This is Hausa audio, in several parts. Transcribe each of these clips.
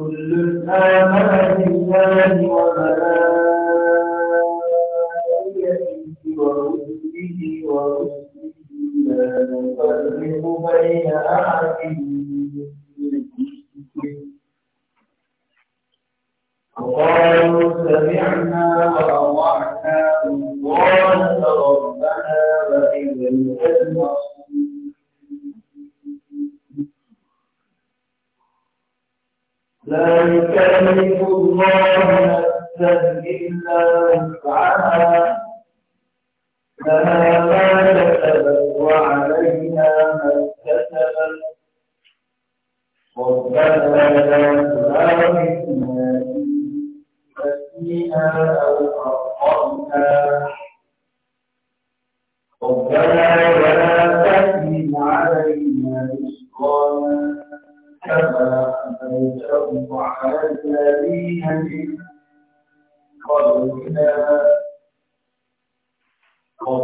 كل آمن بالله وملائكته ورسله ورسله لا نفرق بين أحد وقالوا سمعنا وأطعنا قال ربنا وإلى المصير لا يكلف الله نفسا إلا وسعها لها ما كسبت وعليها ما اكتسبت ربنا لا تؤاخذنا نسينا أو أخطأنا ربنا ولا تحمل علينا إصرارا كما أنزلهم على الذين من قبلنا ربنا ولا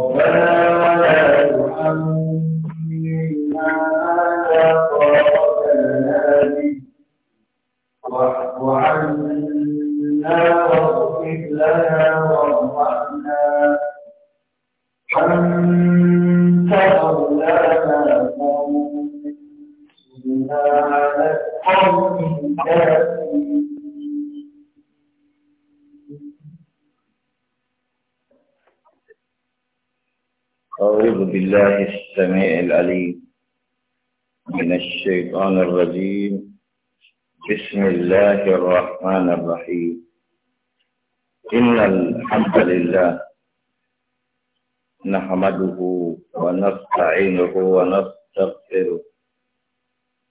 تحملنا ما لا طاقة لنا به واعف عنا واغفر لنا وارحمنا أنت مولانا فانصرنا أعوذ بالله السميع العليم من الشيطان الرجيم بسم الله الرحمن الرحيم إن الحمد لله نحمده ونستعينه ونستغفره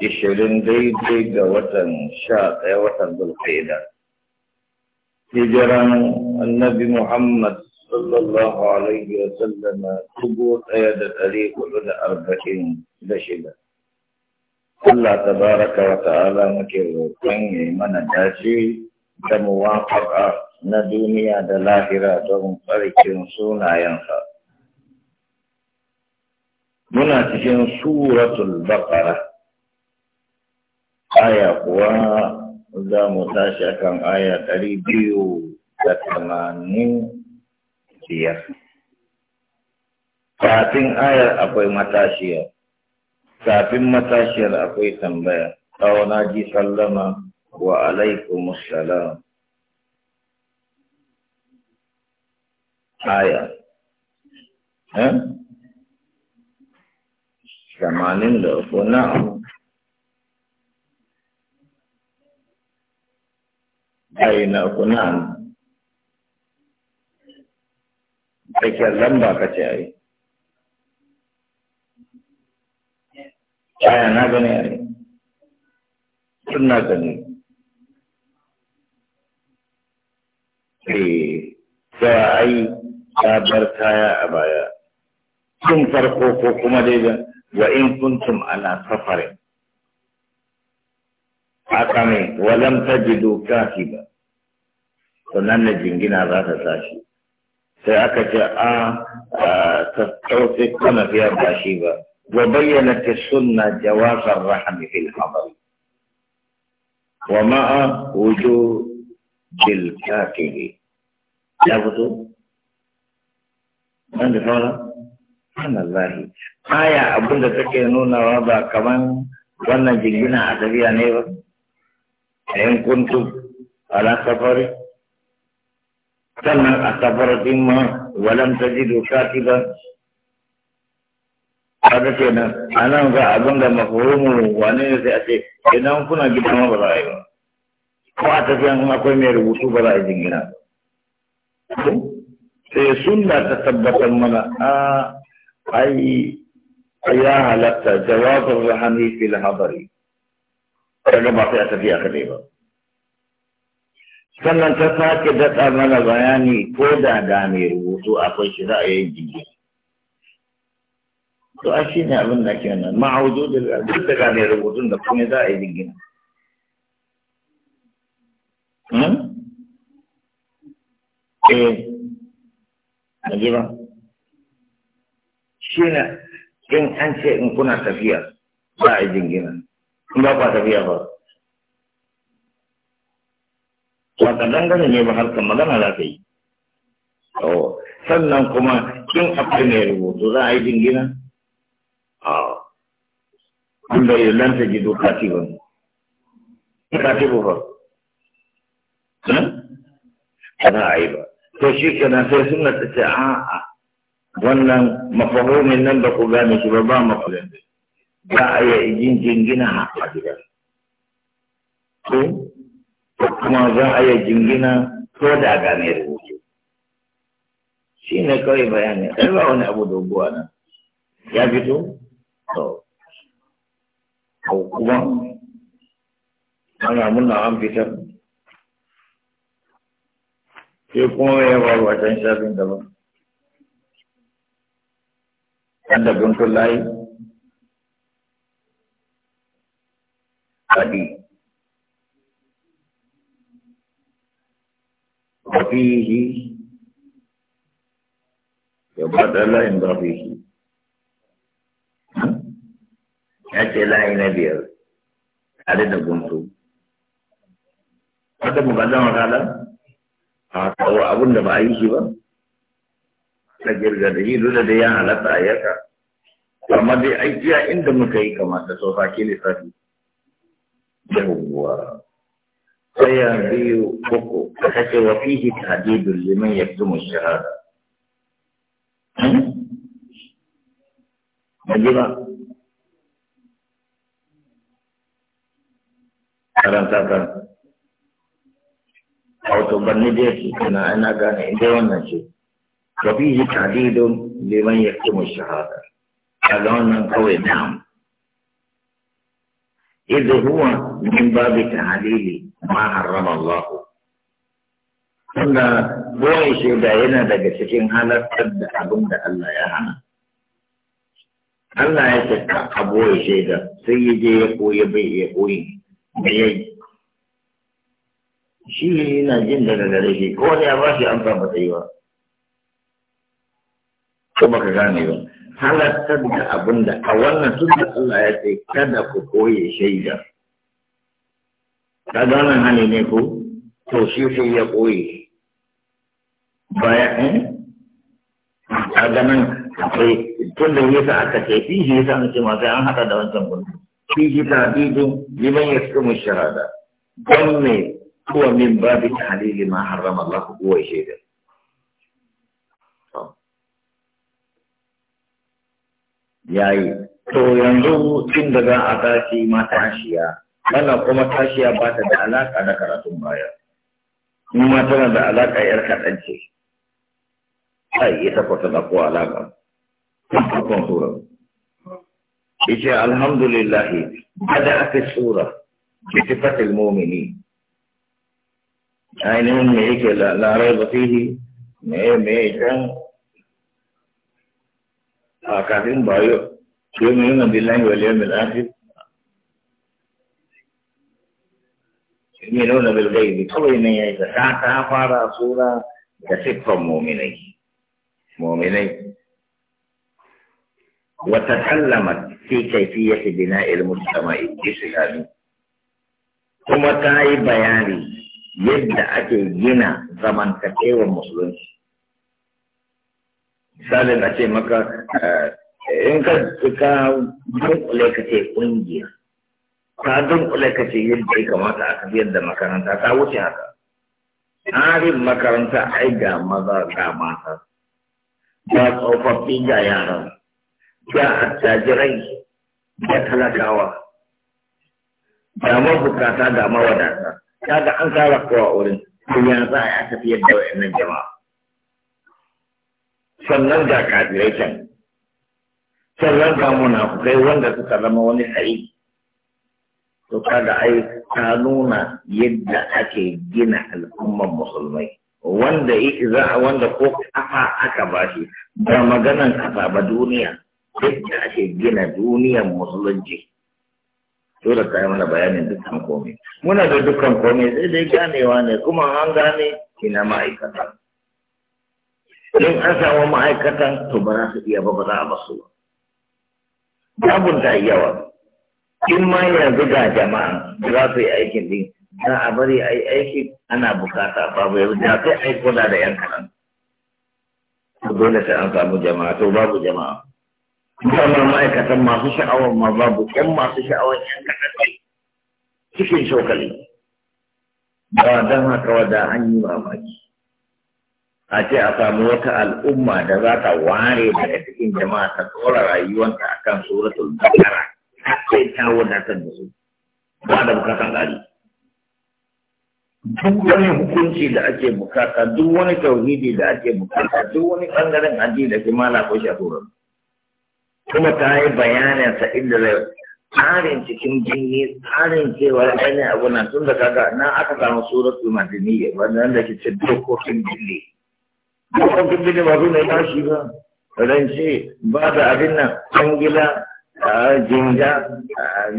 ishirin daidai ga watan sha ɗaya watan zulkaida hijiran annabi muhammad sallallahu alaihi wa sallama dubu ɗaya da ɗari hudu da arba'in da shida Allah tabaraka wa ta'ala muke roƙon ya yi mana dace da muwafaƙa na duniya da lahira don tsarkin sunayensa. Muna cikin suratul baqara aya kuwa za mu tashi akan aya ɗari biyu da tamanin biyar. Kafin ayar akwai matashiyar, kafin matashiyar akwai tambaya, tsawon ji sallama wa alaikum salam. Aya. Eh? Tamanin da uku na'am. bainaku na'am tsakiyar lamba ka ce ai aya na gani ai sun na gani eh da ai ta bar kaya a baya tun farko ko kuma dai wa in kuntum ala safarin akame walam tajidu kafiba sannan na jingina za ta tashi sai aka ce a tattausi kana fiya ba shi ba wa bayyana ta sunna jawazar rahami fil hadar wa ma'a wujo bil kafiri ya fito wanda saura Subhanallahi aya abinda take nunawa ba kaman wannan jingina a tafiya ne ba in kuntum ala safari sannan a safar din ma walam tajidu katiban kaga kenan anan ga abin da mafhumu wane ne sai a ce idan kuna gidan ma ba za a yi ba ko a tafiyan in akwai mai rubutu ba za a yi jingina sai sunna ta tabbatar mana a ai ya halatta jawabar rahami fil habari kaga ba sai a tafiya kaɗai ba sannan ta sake daɗa mana bayani ko da da mai rubutu akwai shi za a yi jiki to a shi ne abin da ke nan ma'audu da duk daga mai rubutun da kuma za a yi jingina hmm? eh na ba shi ne in an ce in kuna tafiya za a yi jingina ba kwa tafiya ba wa ka dangane ne ba harkar magana za ta yi sannan kuma kin akwai mai rubutu za a yi jingina a da ya lanta gido katibin ci ba kana hm? a yi ba to shi kenan sai suna ta ce a wannan mafahimin nan da ku gane shi ba ba mafahimin za a iya ajin jingina a gida ko kuma za a iya jingina ko da ga mai rubutu shi ne kawai bayani ɗan ba wani abu doguwa nan ya fito to ko kuma ana muna an fitar sai kuma ya faru a can shafin ba. wanda guntun layi قديم وفيه يبقى لا yang فيه يأتي لا ينبغى Ada yang هذا Ada قال هو أبونا بأي ta girga da ya yang a yaka amma dai ai inda muka yi kamata sau sake lissafi yawwa sai ya biyu uku aka ce wa fihi tahdidul liman yaktumu shahada hmm? Najima karanta kan da yake kana ina gane inda wannan ce liman shahada kaga wannan kawai إذ huwa من باب tahalili ما حرم الله wanda goyi shaida yana daga cikin halartar da abin da Allah ya hana. Allah ya ce a goyi shaida sai ya je ya koyi bai ya koyi da ya yi. Shi yana jin daga gare shi ko wani ya ba shi amsa ko baka gane ba halattar da abin da a wannan tun da Allah ya ce kada ku koye shaida ka gane hali ne ku, to shi sai ya koye baya ɗin a ganin akwai tun da yasa aka ce fi shi yasa an ce ma sai an haɗa da wancan gudu fi shi ta bidin liman ya fi mu sharada don me kuwa min babin halili ma harrama Allah ko koye shaida yi. to yanzu tun da za a tashi ma tashiya wannan kuma tashiya ba ta da alaƙa da karatun baya in ma tana da alaƙa yar kaɗan ce ai ita ko ta da ko alaka farkon sura yace alhamdulillah bada fi sura ta sifatil mu'mini ainihin me yake larai ba fihi me me can a kafin ba yau mai yunan billahi wal yau mil akhir yuminuna bil gaibi kawai ne ya yi da ta ta fara sura da siffan muminai muminai wata kallama fi kaifiyati bina'il mujtama'i islami kuma ta yi bayani yadda ake gina zamantakewar musulunci misali a ce maka eh, in ka ka dunkule ka ce kungiya ka dunkule ka ce yadda ya kamata a tafiyar da makaranta ta wuce haka tsarin makaranta ai ga maza ga mata ga tsofaffi ga yara ga attajirai ga talakawa ga mabukata ga mawadata kaga an kara kowa wurin to ya za a tafiyar da wa'annan jama'a sannan ga kafirai can sannan ga munafukai wanda suka zama wani hari to kada ai ta nuna yadda ake gina al'umman musulmai wanda za wanda ko kafa aka bashi ba maganan kafa ba duniya yadda ake gina duniyan musulunci dole da mana bayanin dukkan komai muna da dukkan komai sai dai ganewa ne kuma an gane ina ma'aikata in an samu ma'aikatan to ba za su iya ba ba za a basu ba babun ta yawa in ma yanzu ga jama'a za su yi aikin din za a bari a yi aiki ana bukata babu yau da sai a yi kula da yan kaɗan dole sai an samu jama'a to babu jama'a musamman ma'aikatan masu sha'awar ma babu ƴan masu sha'awar yan kaɗan cikin shokali ba don haka wadda an yi mamaki a ce a samu wata al'umma da za ta ware daga cikin jama'a ta tsora rayuwanta a kan suratul bakara sai ta wadatar da su ba da bukatan ƙari duk wani hukunci da ake bukata duk wani tauhidi da ake bukata duk wani ɓangaren addini da ke mala ko shi kuma ta yi bayanin sa inda zai tsarin cikin jini tsarin cewa ainihin abu na tun da kaga na aka samu suratul madaniya da ke ce dokokin jini Bukan kerja dia baru naik nasi ke. ba da abin nan, kwangila, jinja,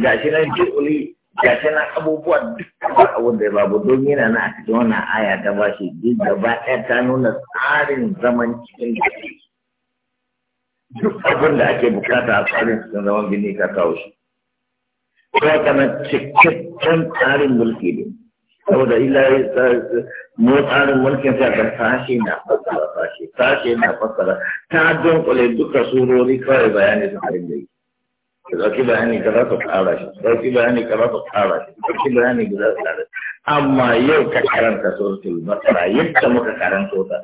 ga shi nan ji'uli, ga shi nan abubuwa duka abin da babu don yana na a cikin wannan aya ta ba shi duk ba ɗaya ta nuna tsarin zaman cikin gari. Duk abin da ake bukata a tsarin cikin zaman gini ka kawo shi. Kuma kana cikakken tsarin mulki ne. saboda illa mu tsarin mulkin sa da sashe na fassara sashe sashe na fassara ta dunkule duka surori kawai bayani su harin da yi ka ɗauki bayani ka za su ƙara shi ɗauki bayani ka za su ƙara shi ɗauki bayani ka za su ƙara shi amma yau ka karanta suratul bakara yadda muka karanto ta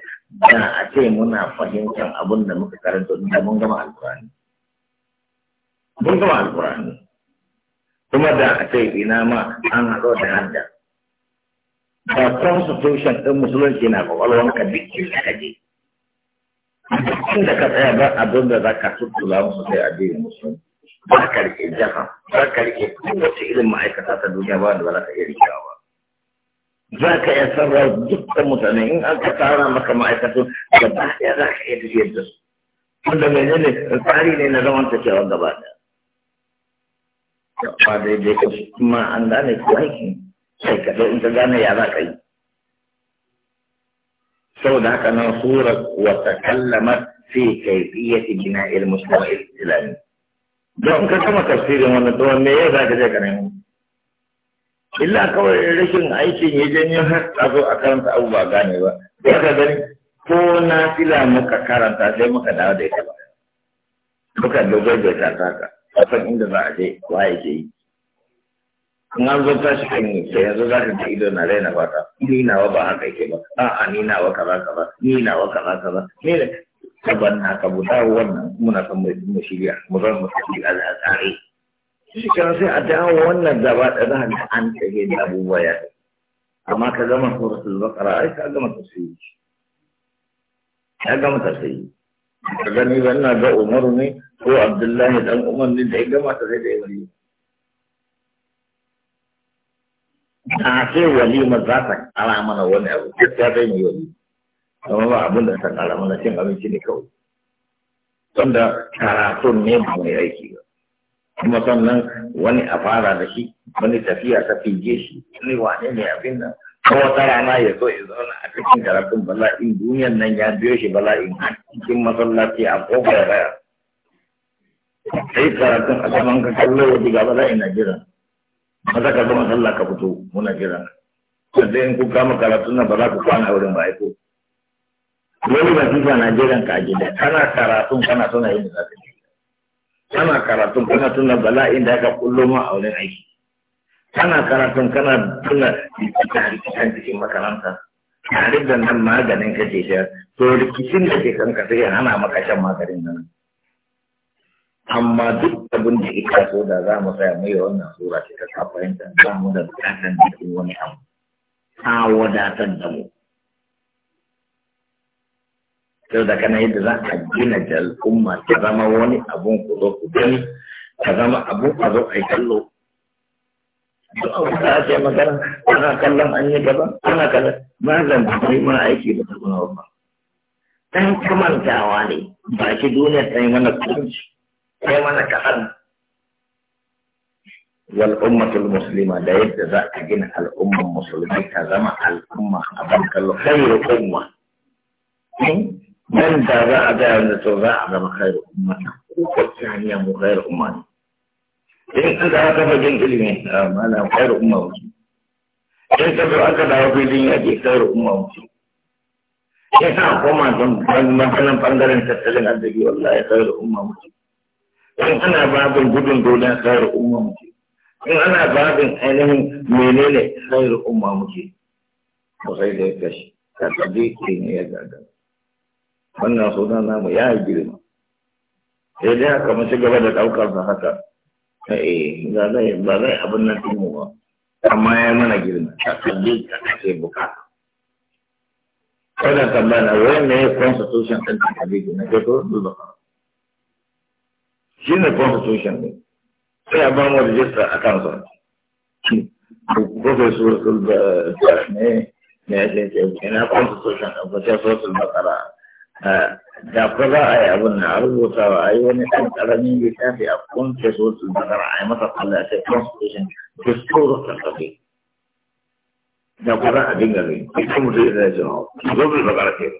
da a ce muna fahimtar abin da muka karanto da mun gama alƙur'ani mun gama alƙur'ani kuma da a ce ina ma an haɗo da hadda da constitution ɗin musulunci na kwakwalwar ka bikin inda ka je inda ka tsaya ba abin da za ka tuttula musu sai addinin musulunci ba ka rike jaha ba ka rike kowace irin ma'aikata ta duniya ba da ba za ka iya rikewa ba za ka iya sarrafa dukkan mutane in an ka tara maka ma'aikatu da ba ɗaya za ka iya tafiyar da su wanda mai ne tsari ne na zaman tafiyar gaba ɗaya. Ba daidai kuma an gane ko aikin sai ka in ka gane ya za ka yi da haka nan surar wata kallamar fi kaifiyyati bina ilmu sama islami don ka kama tafsirin wannan to wanne ya za ka je ka nemo illa kawai rashin aikin ya janyo har a zo a karanta abu ba gane ba Ya ka gani ko na fila muka karanta sai muka dawo da ita ba muka dogon da ta taka a san inda za a je wa ke yi na an zo tashi kan yi sai yanzu za ka ji ido na raina fata ni nawa ba haka yake ba a'a ni nawa kaza kaza ni nawa kaza kaza ne da saban na ka buta wannan muna san mu shirya mu san mu shirya a tsare shi kan sai a dawo wannan gaba da za ka an tage da abubuwa ya amma ka gama suratul baqara ai ka gama tafsiri ka gama tafsiri ka gani wannan ga Umaru ne ko Abdullahi dan Umar ne da ya gama tafsiri da ya a ce walima za ta kara mana wani abu ta zai mai wali amma ba abin da ta kara mana cin abinci ne kawai tunda karatun ne ba mai aiki ba kuma sannan wani a fara da shi wani tafiya ta fige shi wani wane ne abin nan kawai wata rana ya zo ya zauna a cikin karatun bala'in duniyan nan ya biyo shi bala'in a cikin masallaci a kofar raya sai karatun a saman kakallo wajen ya diga bala'in na jiran maza ka zama sallah ka fito muna jira sai in ku kama karatu na ba za ku kwana wurin ba aiko wani ba kisa na ka a gida kana karatun kana tuna yin da kana karatun kana tuna bala'in da aka kullo ma a wurin aiki kana karatun kana tuna rikicin cikin makaranta tare da nan maganin ka sha. to rikicin da ke kan ka sai hana maka shan maganin nan amma duk abin da ita so da za mu tsaya mai wannan sura ta ta fahimta za mu da bukatar jikin wani abu ta wadatar da mu sau da kana yadda za a gina da al'umma ta zama wani abun ku zo ku gani ta zama abun a zo a yi kallo duk abu da ake magana ana kallon an yi gaba ana kallon ma zan ma aiki da ta ba ɗan kamantawa ne ba shi duniya ta yi mana kudanci kai mana kaɗan wal ummatul muslima da yadda za a gina al'umman musulmi ta zama al'umma a bankan khairu umma nan da za a gaya da to za a zama khairu umma ko ta hanya mu khairu umma in an ga ka fagin ilimi a mana khairu umma in ka zo aka dawo filin yaƙi khairu umma ya sa koma don bangaren tattalin arziki wallahi khairu umma mutum in ana babin gudun dole khairu umma muke in ana babin ainihin menene khairu umma muke ba sai da yake shi ta tabi ke ne ya gaga wannan suna namu ya yi girma sai dai haka mace gaba da daukar sa haka eh ba zai ba zai abin nan din ba amma ya mana girma ka tabi ka ce bukata wannan tambaya na wani ne constitution ɗin ta tabi ne ga to duba shi ne constitution ne sai a ba mu rijista a kansa professor ne ne ya ce ce na constitution a kwace sosul bakara eh, da ko za a yi abin na rubutawa a yi wani ɗan ƙaramin littafi a kunce sosul bakara a yi masa kwallo a ce constitution discourse karfafe da ko a dinga zai ita mutum ya zai jinawa oh, sosul bakara ke ba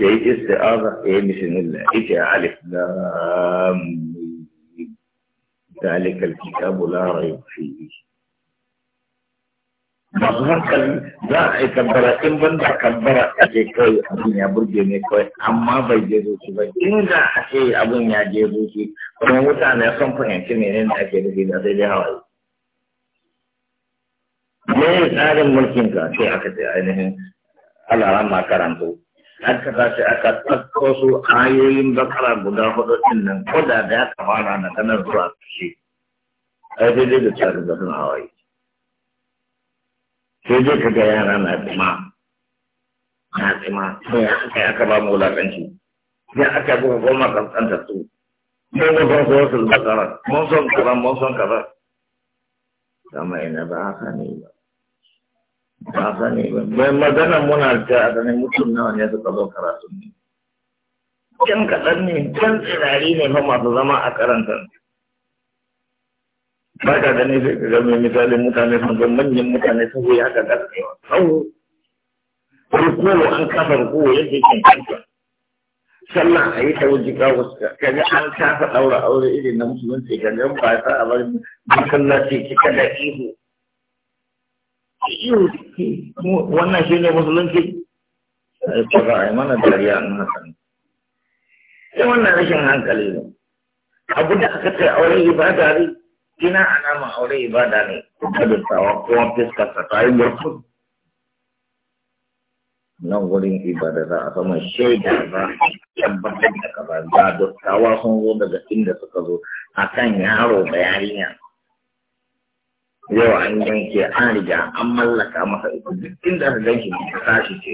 ايه استعاره ايه مش ان ايه الف لام ذلك الكتاب لا ريب فيه مظهر كان ذا كبر كم من ذا كبر كي ابن يابور جيني كوي اما بيجيزو شو بي ان ذا حكي ابن يابور جيني كوي فمو تانا يصنف ان كمينين اكيد في ذا دي هاي ليه سعر الملكين كا شيء اكتب يعني على رمى كرانتو aka tashi aka tsakko su ayoyin bakara guda hudu ɗin nan ko da da ya kamata na kanar zuwa ƙarshe ai daidai da tsarin da suna hawaye sai dai ka ga yara na tsima na tsima sai aka aka ba mu wulaƙanci ya aka yi buga goma kankanta su mun ga son wasu bakara mun son kaza mun son kaza kama ina ba haka ne ba ba sani ba bai magana muna da ganin mutum nawa ne suka zo karatu ne yan kaɗan ne can tsirari ne fa masu zama a karanta ba ka gani sai ka ga misali misalin mutane sun zo manyan mutane sun zo ya ka gasewa tsawo rukuwa an kafa rukuwa yadda yake kanta sallah a yi ta wajika wasu ga an kafa ɗaura aure irin na musulunci ga ba ta a bari masallaci kika da ihu wannan shi ne musulunci ba a mana dariya in hakan sai wannan rashin hankali ne abu da aka ce aure ibada ne kina alama aure ibada ne ta dattawa ko fiskar ta ta yi nan wurin ibada za a sama shaida za a tabbatar da kaza ga dattawa sun zo daga inda suka zo akan yaro da yarinya yau an yanke an riga an mallaka masa ita duk inda aka ganki ta tashi ce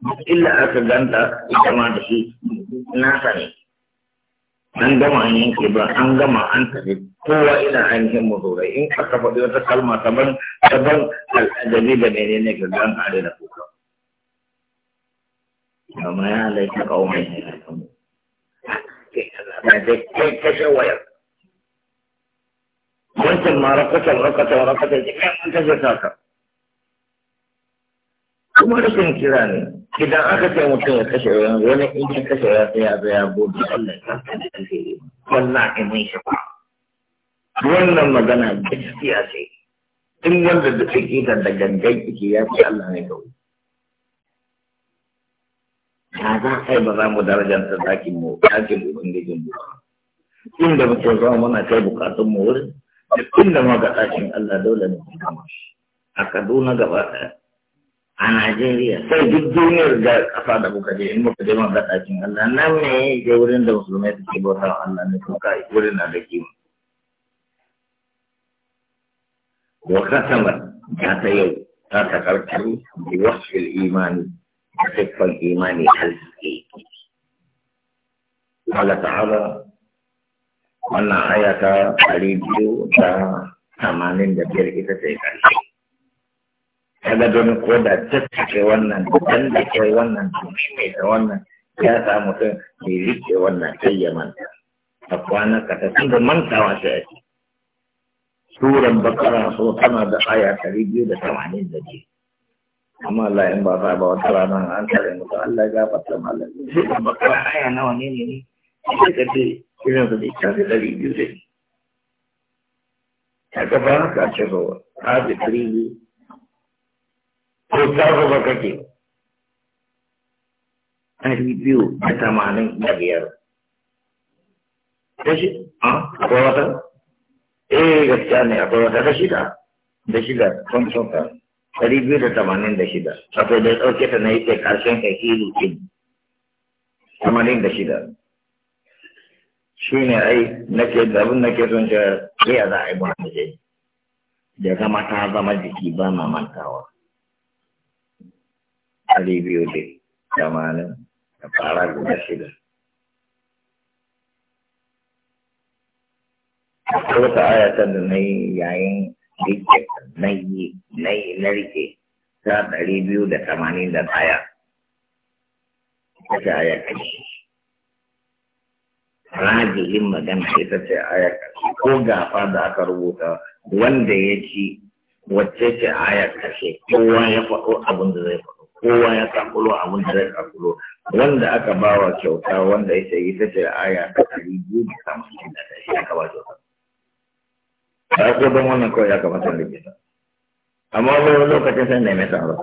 duk inda aka ganta ita ma da shi na sani an gama an yanke ba an gama an tafi kowa ina ainihin mazurai in aka faɗi wata kalma daban daban al'ajabi da mene ne ga gan are da kuka amma ya halaita kawo mai ne na kai kashe wayar wancan ma rakatan rakatan rakatan ji kan an kashe kaka kuma rashin kira ne idan aka ce mutum ya kashe wani wani in ya kashe ya sai ya zo ya bude Allah ya san da kashe wallahi mun shi ba wannan magana gaskiya ce in wanda da take da gangan yake ya ce Allah ne kawai ta za a yi ba za mu ta zaki mu dakin ubangijin mu inda muke zama muna kai bukatun mu wurin duk inda ma ga ɗakin Allah dole ne ka kama a Kaduna gaba ɗaya a Najeriya sai duk duniyar ga da muka je in muka je ma ga ɗakin Allah nan ne wurin da musulmai suke bautar Allah ne to wurin na da kima wa kasama ta ta yau ta ta karkaru da wasfil imani da siffan imani halki Allah ta'ala wannan aya ta ɗari biyu da tamanin da biyar ita ce ƙarshe kaga don ko da tattake wannan dan da ke wannan da mai da wannan ya sa mutum yi rike wannan sai ya manta a kwanan ka ta tunda mantawa ta yake Turan bakara so tana da aya ɗari biyu da tamanin da biyu amma Allah in ba ta ba wata ranar an tare mutu Allah ya gafarta malam sai da bakara aya nawa ne ne ne sai ka ce irin su da ita da ne ta gaba haka a cikin rawa ta fi ɗari biyu ko ta gaba kake ɗari biyu da tamanin da biyar kashi a akwai wata eh gaskiya ne akwai da shida da shida son son ka ɗari biyu da tamanin da shida wato da ɗauke ta na yake ƙarshen ka hiri ɗin tamanin da shida shi ne ai nake da abin nake sun ce ya za a yi ba mu je da zama ta zama jiki ba ma mantawa ɗari biyu da tamanin da fara guda shida akwai wata ayatar da na yi yayin rike na yi na yi na rike ta ɗari biyu da tamanin da ɗaya wata ayatar rajihin magana ita ce kashe. ko gafa da aka rubuta wanda ya ci wacce ce ayar kashe kowa ya faɗo abin da zai faɗo kowa ya kakulo abin da zai kakulo wanda aka ba wa kyauta wanda ya ce ita ce aya ta ɗari biyu da hamsin da ɗari aka ba kyauta ba ko don wannan kawai ya kamata da ke amma wani lokacin sai na mai sa ba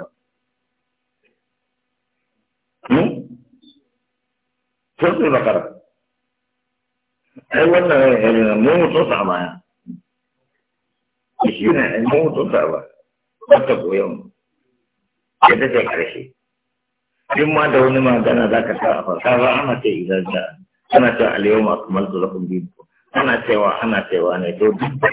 Sosu bakara. ai wannan irin eh, mu mutu sa baya shi ne mu mutu sa ba wata goyon ya ta ce karshe in ma da wani magana za ka sa a ba ana ce idan da ana ce aliyu masu malta da kun biyu ana cewa ana cewa ne to duk da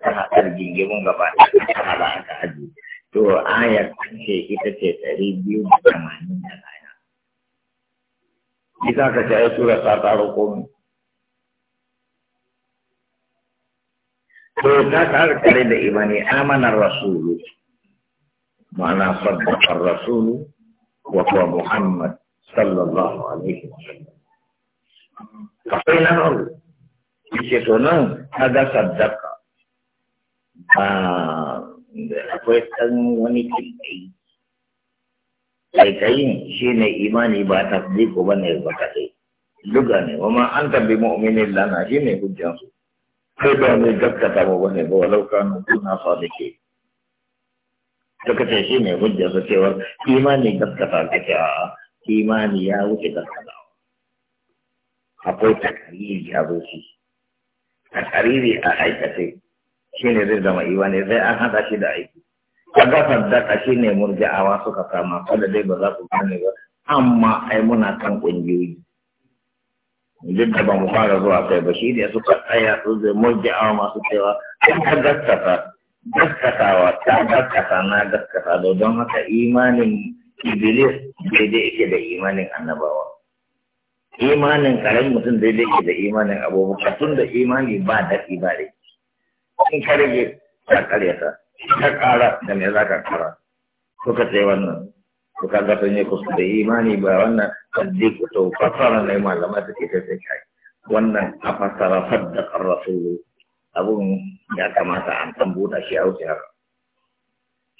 ta haɗar gingimin gaba aka haɗa aka aji to ayar ce ita ce ɗari biyu da tamanin da ɗaya. Ita ka ce ai sura ta taro komai. to za ka harkare da imani amanar rasulu ma'ana sabbakar rasulu wa kuwa muhammad sallallahu alaihi wasallam akwai na haru ce to nan kaga saddaka ba akwai ɗan wani kinkai kaikayin shi ne imani ba ta ko ba ne ba kaɗai duka ne wa ma an tabbi mu'minin lana shi ne hujjansu kai ba mai gaskata ba bane ba walau kanu kuna ke suka ce shi ne hujjar su cewa imani gaskata ga ke a imani ya wuce gaskata akwai takariri a zuci takariri a aikace shi ne zai zama imani sai an haɗa shi da aiki kaga saddaka shi ne murja'awa suka kama kada dai ba za ku gane ba amma ai muna kan ƙungiyoyi duk da ba mu fara zuwa kai ba shi ne suka tsaya su zai awa masu cewa an ka gaskata gaskatawa ta gaskata na gaskata da don haka imanin iblis daidai yake da imanin annabawa imanin karen mutum daidai yake da imanin abubakar tun da imani ba daɗi ba ne. in ka rage ka karyata ka kara da me za ka kara suka ce wannan suka ga ne kusa da imani ba wannan kaddi ku to fasara ne malamai suke ta sai kai wannan a fassara faddakar rasulu abun ya kamata an da shi a wuce haka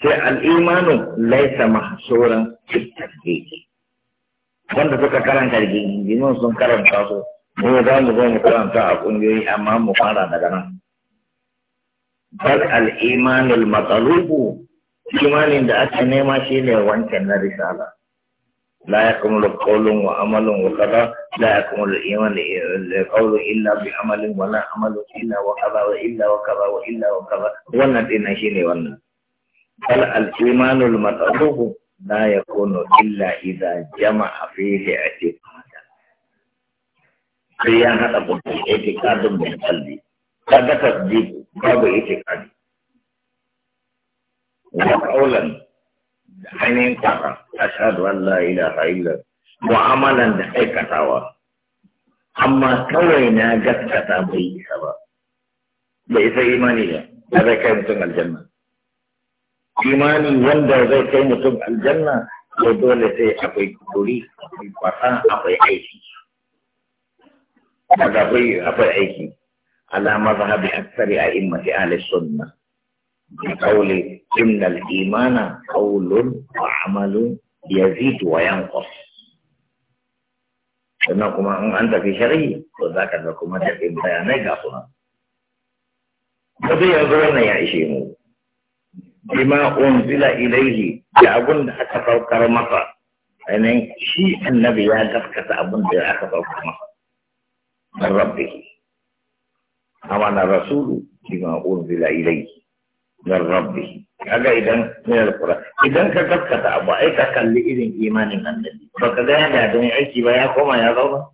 sai al'imanu laisa cikin fitasdiki wanda suka karanta da sun karanta su mu za mu zo mu karanta a ƙungiyoyi amma mu fara daga nan bal al’imanu matsalubu imanin da ake nema shi ne wancan na risala لا يكمل قول وعمل وكذا لا يكمل الإيمان القول إلا بعمل ولا عمل إلا وكذا وإلا وكذا وإلا وكذا ونت نشيني ونت بل الإيمان المطلوب لا يكون إلا إذا جمع فيه اعتقادا فيا هذا اعتقاد من قلبي هذا تصديق باب اعتقادي وقولا ainihin kafa ashadu an la ilaha illa mu'amalan da aikatawa amma kawai na gaskata bai isa ba bai isa imani ne da zai kai mutum aljanna imani wanda zai kai mutum aljanna ko dole sai akwai kuri akwai kwasa akwai aiki daga akwai akwai aiki ala mazhabi aksari a immati ahli sunnah بقول إن الإيمان قول وعمل يزيد وينقص sannan kuma in an tafi shari'i to za ka ga kuma tafi bayanai ga suna. Kabi yanzu wannan ya ishe mu. Bima unzila ilaihi da abun da aka saukar masa ainihin shi annabi ya gaskata abun da aka masa. rasulu bima unzila min rabbi kaga idan min idan ka gaskata abu ai ka kalli irin imanin annabi baka ga yana da aiki ba ya koma ya zauna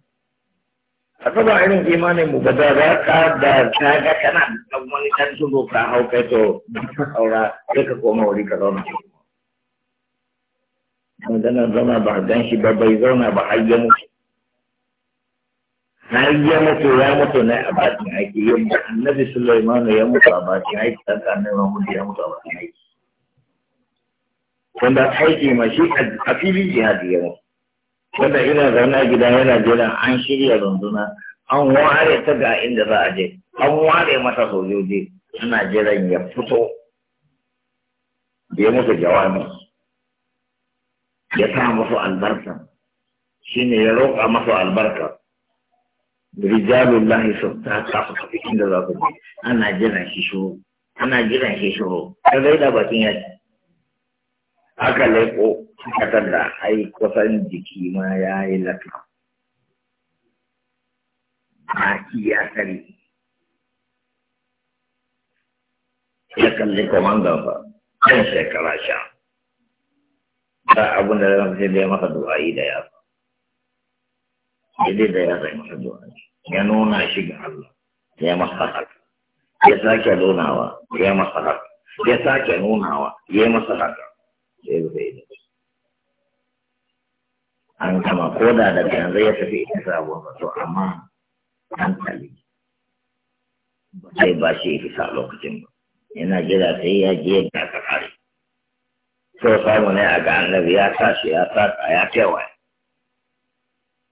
haka ba irin imanin mu ba da za ka da ta ga kana da wani dan tudu ka hau kai to aura sai ka koma wuri ka zauna magana zauna ba dan shi ba bai zauna ba har ya mutu har ya mutu ya mutu na a bakin aiki yadda annabi Sulaiman ya mutu a bakin aiki dan annabi Muhammad ya mutu a bakin aiki wanda aiki ma shi a fili jihadi ya mutu wanda ina zaune a gida yana jira an shirya runduna an ware ta ga inda za a je an ware mata sojoji ana jiran ya fito da ya mutu jawami ya sa musu albarka shine ya roƙa masu albarka rijalullahi sau ta kafa kafin da za ku bi ana jiran shi shuru ana jiran shi shuru ta gaida bakin yaki aka laiko aka tanda ai kusan jiki ma ya yi lafiya baki ya tsari ya kalli kwamandan ba kan shekara sha da abin da zan sai da ya maka du'a'i da yasa daidai da ya zai masa du'a ya nuna shi ga Allah ya masa haka ya sake nunawa ya masa haka ya sake nunawa ya masa haka sai zai da an kama ko da daga yanzu ya tafi ita sabon to amma hankali sai ba shi ya fisa lokacin ba yana jira sai ya je da ka kare so samu ne a ga annabi ya tashi ya saka ya kewaye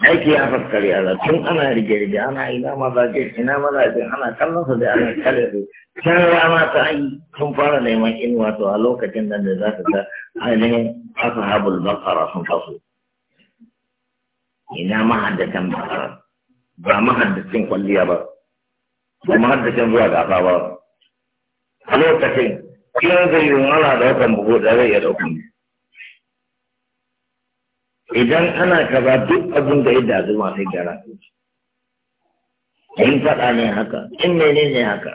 aiki ya faskare a tun ana rige-rige ana ina mazaje ina mazaje ana kallon su da ana kare su can rana ta yi sun fara neman inuwa wato a lokacin nan da za ta ta ainihin habul bakara sun faso ina mahaddacin bakara ba mahaddacin kwalliya ba ba mahaddacin zuwa gafa ba a lokacin kin zai yi wala da watan bugu da zai iya daukan idan ana kaza duk abin da ya dazu sai gyara in faɗa ne haka in mene ne haka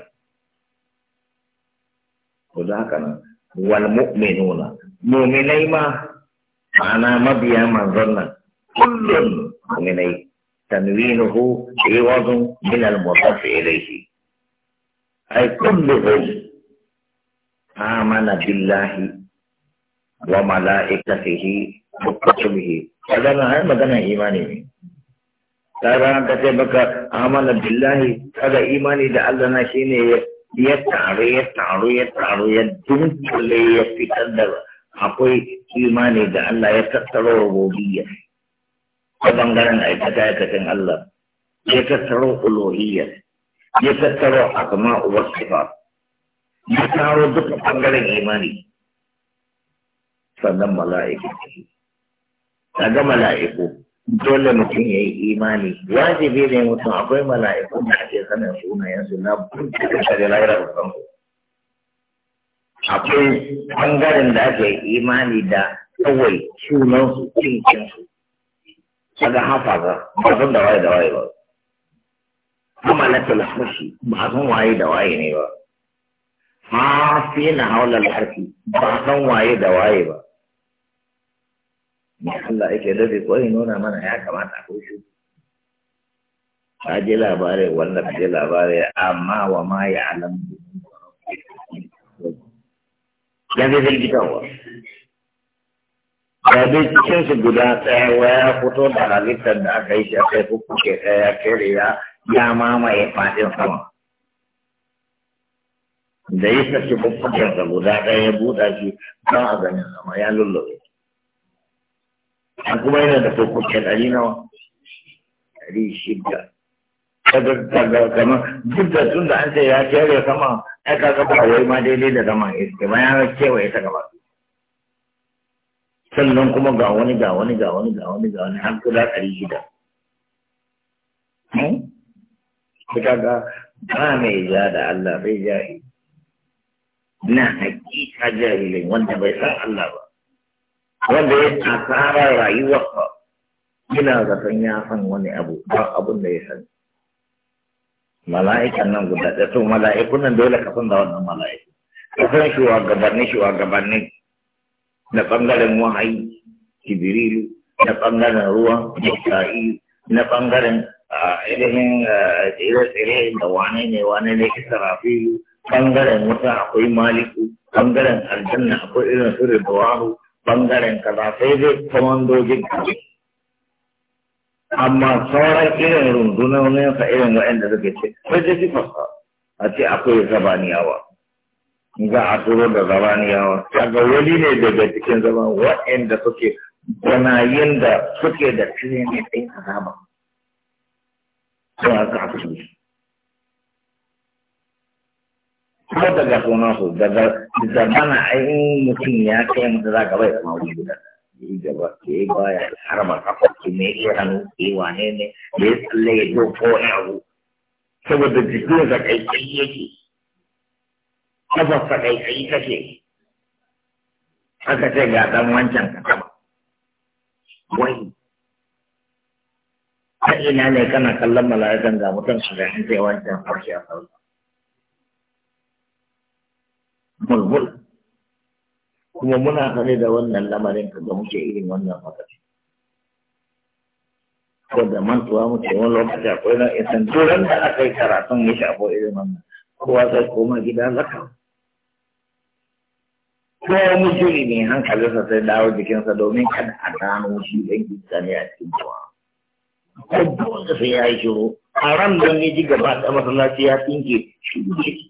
ko da haka nan wal mu'minuna mu'minai ma ma'ana mabiya manzon nan kullum mu'minai tanwinuhu iwadun min al mudaf ilayhi ay kulluhum amana billahi wa malaikatihi kutubihi kaga nan ai magana imani ne ta ranar ka ce baka amana billahi kaga imani da Allah na shine ya taru ya taru ya taru ya dunkule ya fitar da akwai imani da Allah ya tattaro rububiyya ta bangaren aikata aikatan Allah ya tattaro uluhiyya ya tattaro asma'u was sifat ya taro duka bangaren imani sannan mala'ika a ga mala'iku dole mutum ya yi imani wajibi ne mutum akwai mala'iku da ake sanin sunayensu na bunta da da kanku akwai ɓangaren da ake yi imani da kawai sunansu cincinsu ga hafaza ba sun da waye da waye ba kuma na talafashi ba sun waye da waye ne ba ma fi na haular harfi ba sun waye da waye ba ne Allah yake dade ko ya nuna mana ya kamata ko shi ka ji labarai wannan ji labarai amma wa ma ya alamu yanzu zai gidawa da dai cikin su guda ɗaya wa ya fito da halittar da aka yi shi aka yi kuke ɗaya kere ya ya mamaye faɗin sama da yi sashi kukukensa guda ɗaya ya buɗa shi don a ganin sama ya lullube an kuma yana da kokokin ɗari nawa ɗari shida kaga kaga kamar duk da tun da an ce ya kere sama ai kaga ba wai ma daidai da zaman iske ma ya wa ita gaba sannan kuma ga wani ga wani ga wani ga wani ga wani har guda ɗari shida hmm? Kita ga ba mai ja da Allah sai jahili. Na hakika jahilin wanda bai san Allah ba. wanda ya asara rayuwarsa ina zaton ya san wani abu ba abun da ya san mala'ikan nan guda ɗaya to mala'ikun nan dole ka san da wannan mala'iku ka san shugabanni gabanni na ɓangaren wahayi jibrilu na ɓangaren ruwa mikta'i na ɓangaren ilimin tsire-tsire da wane ne wane ne israfilu ɓangaren wuta akwai maliku ɓangaren aljanna akwai irin su ribawaru bangaren kaza sai dai kwamandojin kaza amma sauran irin rundunonin sa irin waɗanda suke ce sai dai fi fasa a ce akwai zabaniyawa za a turo da zabaniyawa daga wani ne daga cikin zaman waɗanda suke gwanayen da suke da tire ne ɗin azaba sai a ka ko daga sunan su daga zamana ainihin mutum ya kai mutu za ka bai kuma wuri guda ya yi gaba ya yi baya har ba kafafi ne ya hannu ya yi wane ne ya yi tsalle ya zo ko ya abu saboda jikin sa kai kai yake kafa sa kai kai kake aka ce ga dan wancan ka kama wai ta ina ne kana kallon mala'ikan ga mutum shiga sai wancan harshe a sauki mulmul kuma muna sane da wannan lamarin ka ga muke irin wannan lokaci ko da muke wani lokaci akwai na isan turan da aka yi karatun ya shafo irin wannan kowa sai koma gida zaka ko mujuri ne hankalinsa sai dawo jikinsa domin kada a gano shi ɗan gidda ne a cikin kowa ko dole sai ya yi shiru a ran don ya ji gaba da masallaci ya tsinke shi ne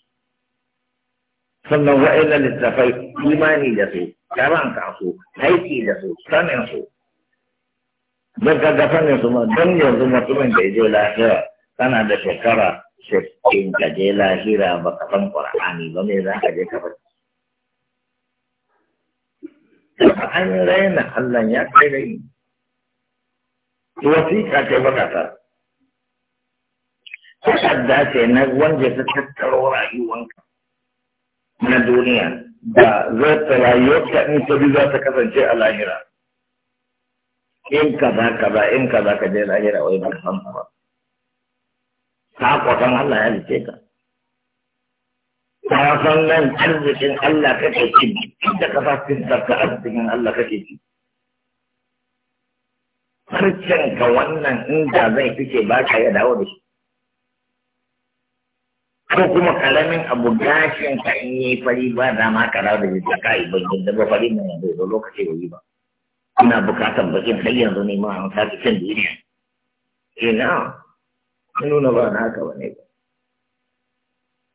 sannan wa'ila littafai imani da su karanta su aiki da su sanin su don kaga sanin su ma don yanzu mutumin da je lahira kana da shekara sittin ka je lahira ba ka san qur'ani ba me za ka je ka faɗi an raina Allah ya kai rai wasiƙa ce bukata ta dace na wanda ta tattaro rayuwanka na duniya da zai ta rayuwarka in ta bi za ta kasance a lahira in ka za ka ba in ka za ka je lahira wai ba san ba ta kwatan Allah ya lice ka ta san nan arzikin Allah kake ci duk ka sa cin ka arzikin Allah kake ci harcen ka wannan inda zai fice ba ka ya dawo da shi ko kuma kalamin abu gashin ka in yi fari ba dama ka rawa da jita ka yi bakin da ba fari na yanzu da lokaci da yi ba ina bukatan bakin har yanzu ne ma an sake cin duniya ina an nuna ba na haka ba ne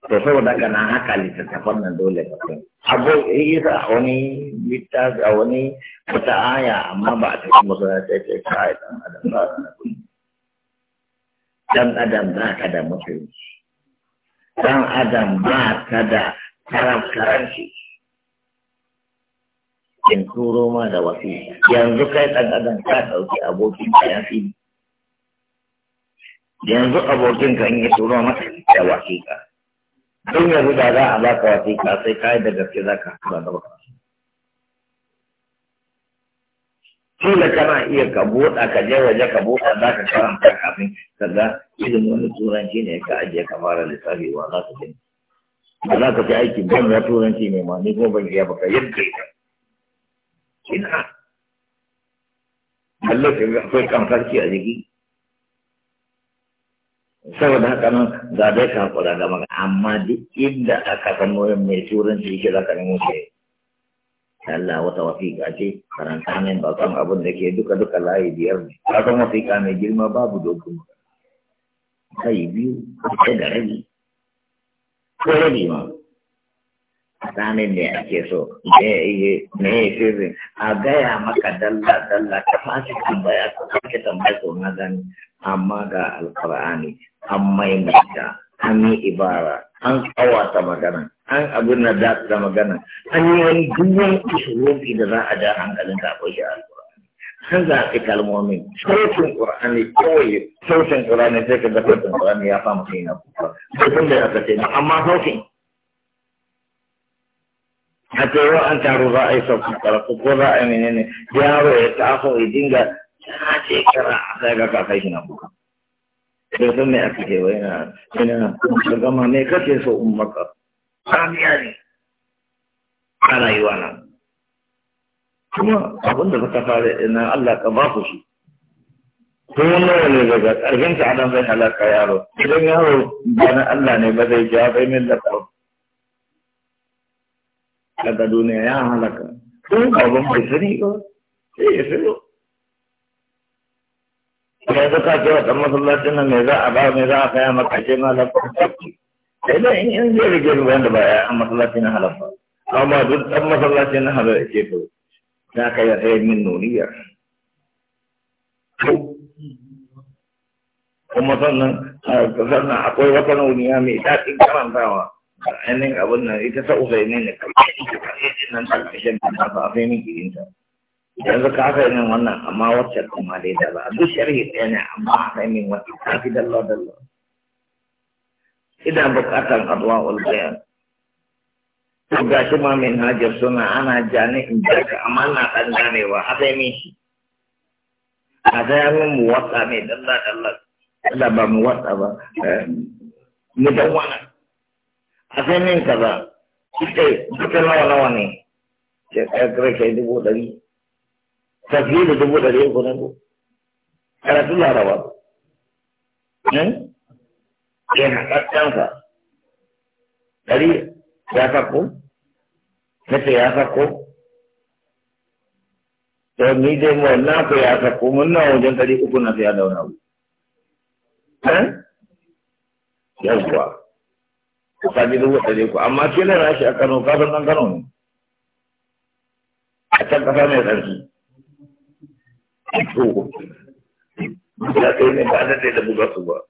ba to saboda haka na haka littattafan nan dole ka san abu isa a wani littafi a wani wata aya amma ba a cikin masallaci ce ka yi dan adam ba dan adam ba ka da mutunci ɗan adam ba ka da shi in turo ma da wasu yanzu kai ɗan adam ka ɗauki abokin ka ya fi yanzu abokin ka in yi turo maka da wasiƙa don yanzu da za a baka wasiƙa sai ka yi da gaske za ka haɗa da wasu kila kana iya ka buɗa ka je waje ka buɗa za ka karanta kafin ga idan wani turanci ne ka ajiye ka fara lissafi wa za ka je ba za ka fi aiki ban za turanci ne ma ni ko ban iya baka yadda ita kina Allah ke ga akwai kamfarki a jiki saboda haka nan ga dai ka hakura da magana amma duk inda aka san wurin mai turanci yake za ka nemo shi Allah wata wasiƙa ce karanta min ba kan abin da ke duka duka layi biyar ne ka san wasiƙa mai girma babu dogon kai biyu ko da rabi ko rabi ma ranar ne ake so ne ya sirrin a gaya maka dalla dalla ka fashe tambaya ka fashe tambaya ko na gani amma ga alkur'ani an maimaita an yi ibara an tsawata magana an abin na da da magana an yi wani duniyan kusurofi da za a da hankalin ta akwai shi'ar san za a fi kalmomin sautin ƙur'ani kawai sautin ƙur'ani sai ka ga sautin ƙur'ani ya fama kai na kuka sautin da aka ce amma sautin a cewa an taro za a yi sautin karatu ko za a yi menene yaro ya taso ya dinga ya ce kira a sai ga kai shi na kuka sai sun mai aka ce wa yana yana ka gama me kake so in maka ramiya ne a rayuwa nan kuma abinda da suka fara ina Allah ka ba ku shi ko nawa ne daga ƙarfin ta adam zai halaka yaro idan yaro ba na Allah ne ba zai ja bai min da daga duniya ya halaka ko abin bai sani ba sai ya fito yanzu ka ce wa ɗan masallacin nan me za a ba me za a kaya maka ce ma lafiya idan in in zai rike ruwan da ba a an masallaci na halal amma duk dan masallaci na halal ce to na kai ya sai min nuriya kuma sannan sannan akwai wata nauniya mai daɗin karantawa ainihin abin nan ita ta usai ne ne kamar nan ta kashe ta ba a sai min yanzu ka aka yin wannan amma wacce kuma dai da ba duk sharhi ɗaya ne amma aka yi min wata ta fi dalla dalla ina buƙatar adwa ul bayan to gashi ma min hajar suna ana jani in amma na dan ganewa a sai min shi a sai min mu watsa ne dalla dalla Allah ba mu watsa ba mu a sai min kaza kike nawa nawa ne ke kare kai dubu dari tafiye da dubu dari ko nan ko karatu yana ƙasƙansa ɗari ya sako nace ya sako to ni dai mu na ko ya sako mun na wajen ɗari uku na ya dauna mu eh? yawwa ku kaji dubu ɗari ku amma ke na rashi a Kano ka san Kano ne a can ƙasa mai tsarki ya kai ne ba da da buga su ba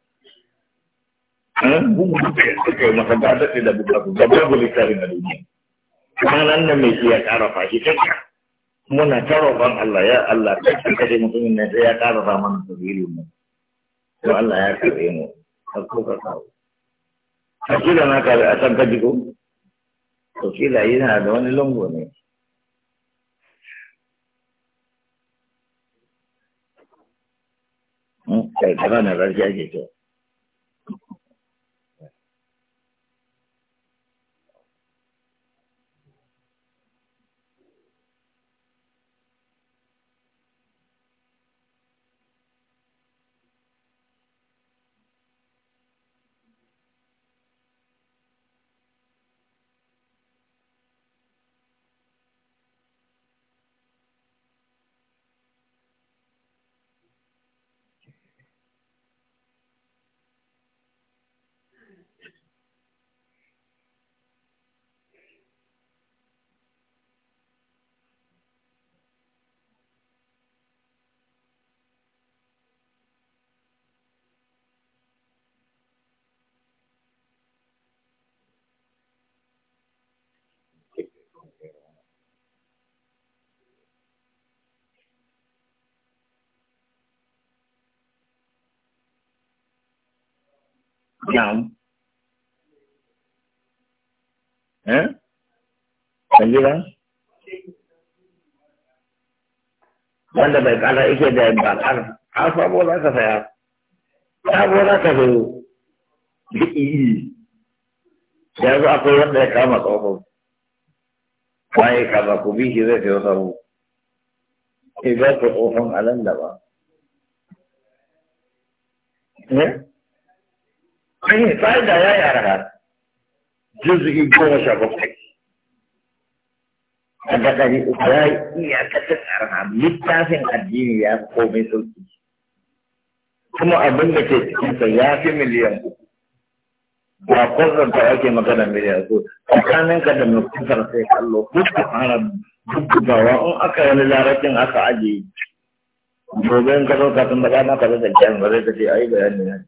Eh? bugu duka suka yi masa ba da buga buga babu littafi na duniya kuma nan mai shi ya ƙara fashi muna ta Allah ya Allah kakka kashe mutumin nan sai ya ƙara sa mana mu to Allah ya kare mu a kuka ka kawo hakila na kare a can kaji ko to kila yana da wani lungu ne hmm, kai kana na rarja ke cewa Na'am. Eh? Kanjira? Wanda bai kara ike da bakar, alfa bo za ka saya, ta bo za ka zo, duk iyi. Yanzu akwai wanda ya kama tsoho. Waye kaza ku bi shi zai sayo sabo. ba ku tsohon alan da ba. an yi fa'ida ya yi arha juzu'i goma sha bakwai a da ɗari uku ya yi iyakacin arha littafin addini ya fi komai sauki kuma abin da ke cikinsa ya fi miliyan uku ba kwazon ta ake magana miliyan uku tsakanin ka da mutuntar sai kallo ko ta fara dubbawa in aka wani larabcin aka ajiye gobe in ka zo kafin da kana ka zo da kyan ba zai ka ce ai bayani na ce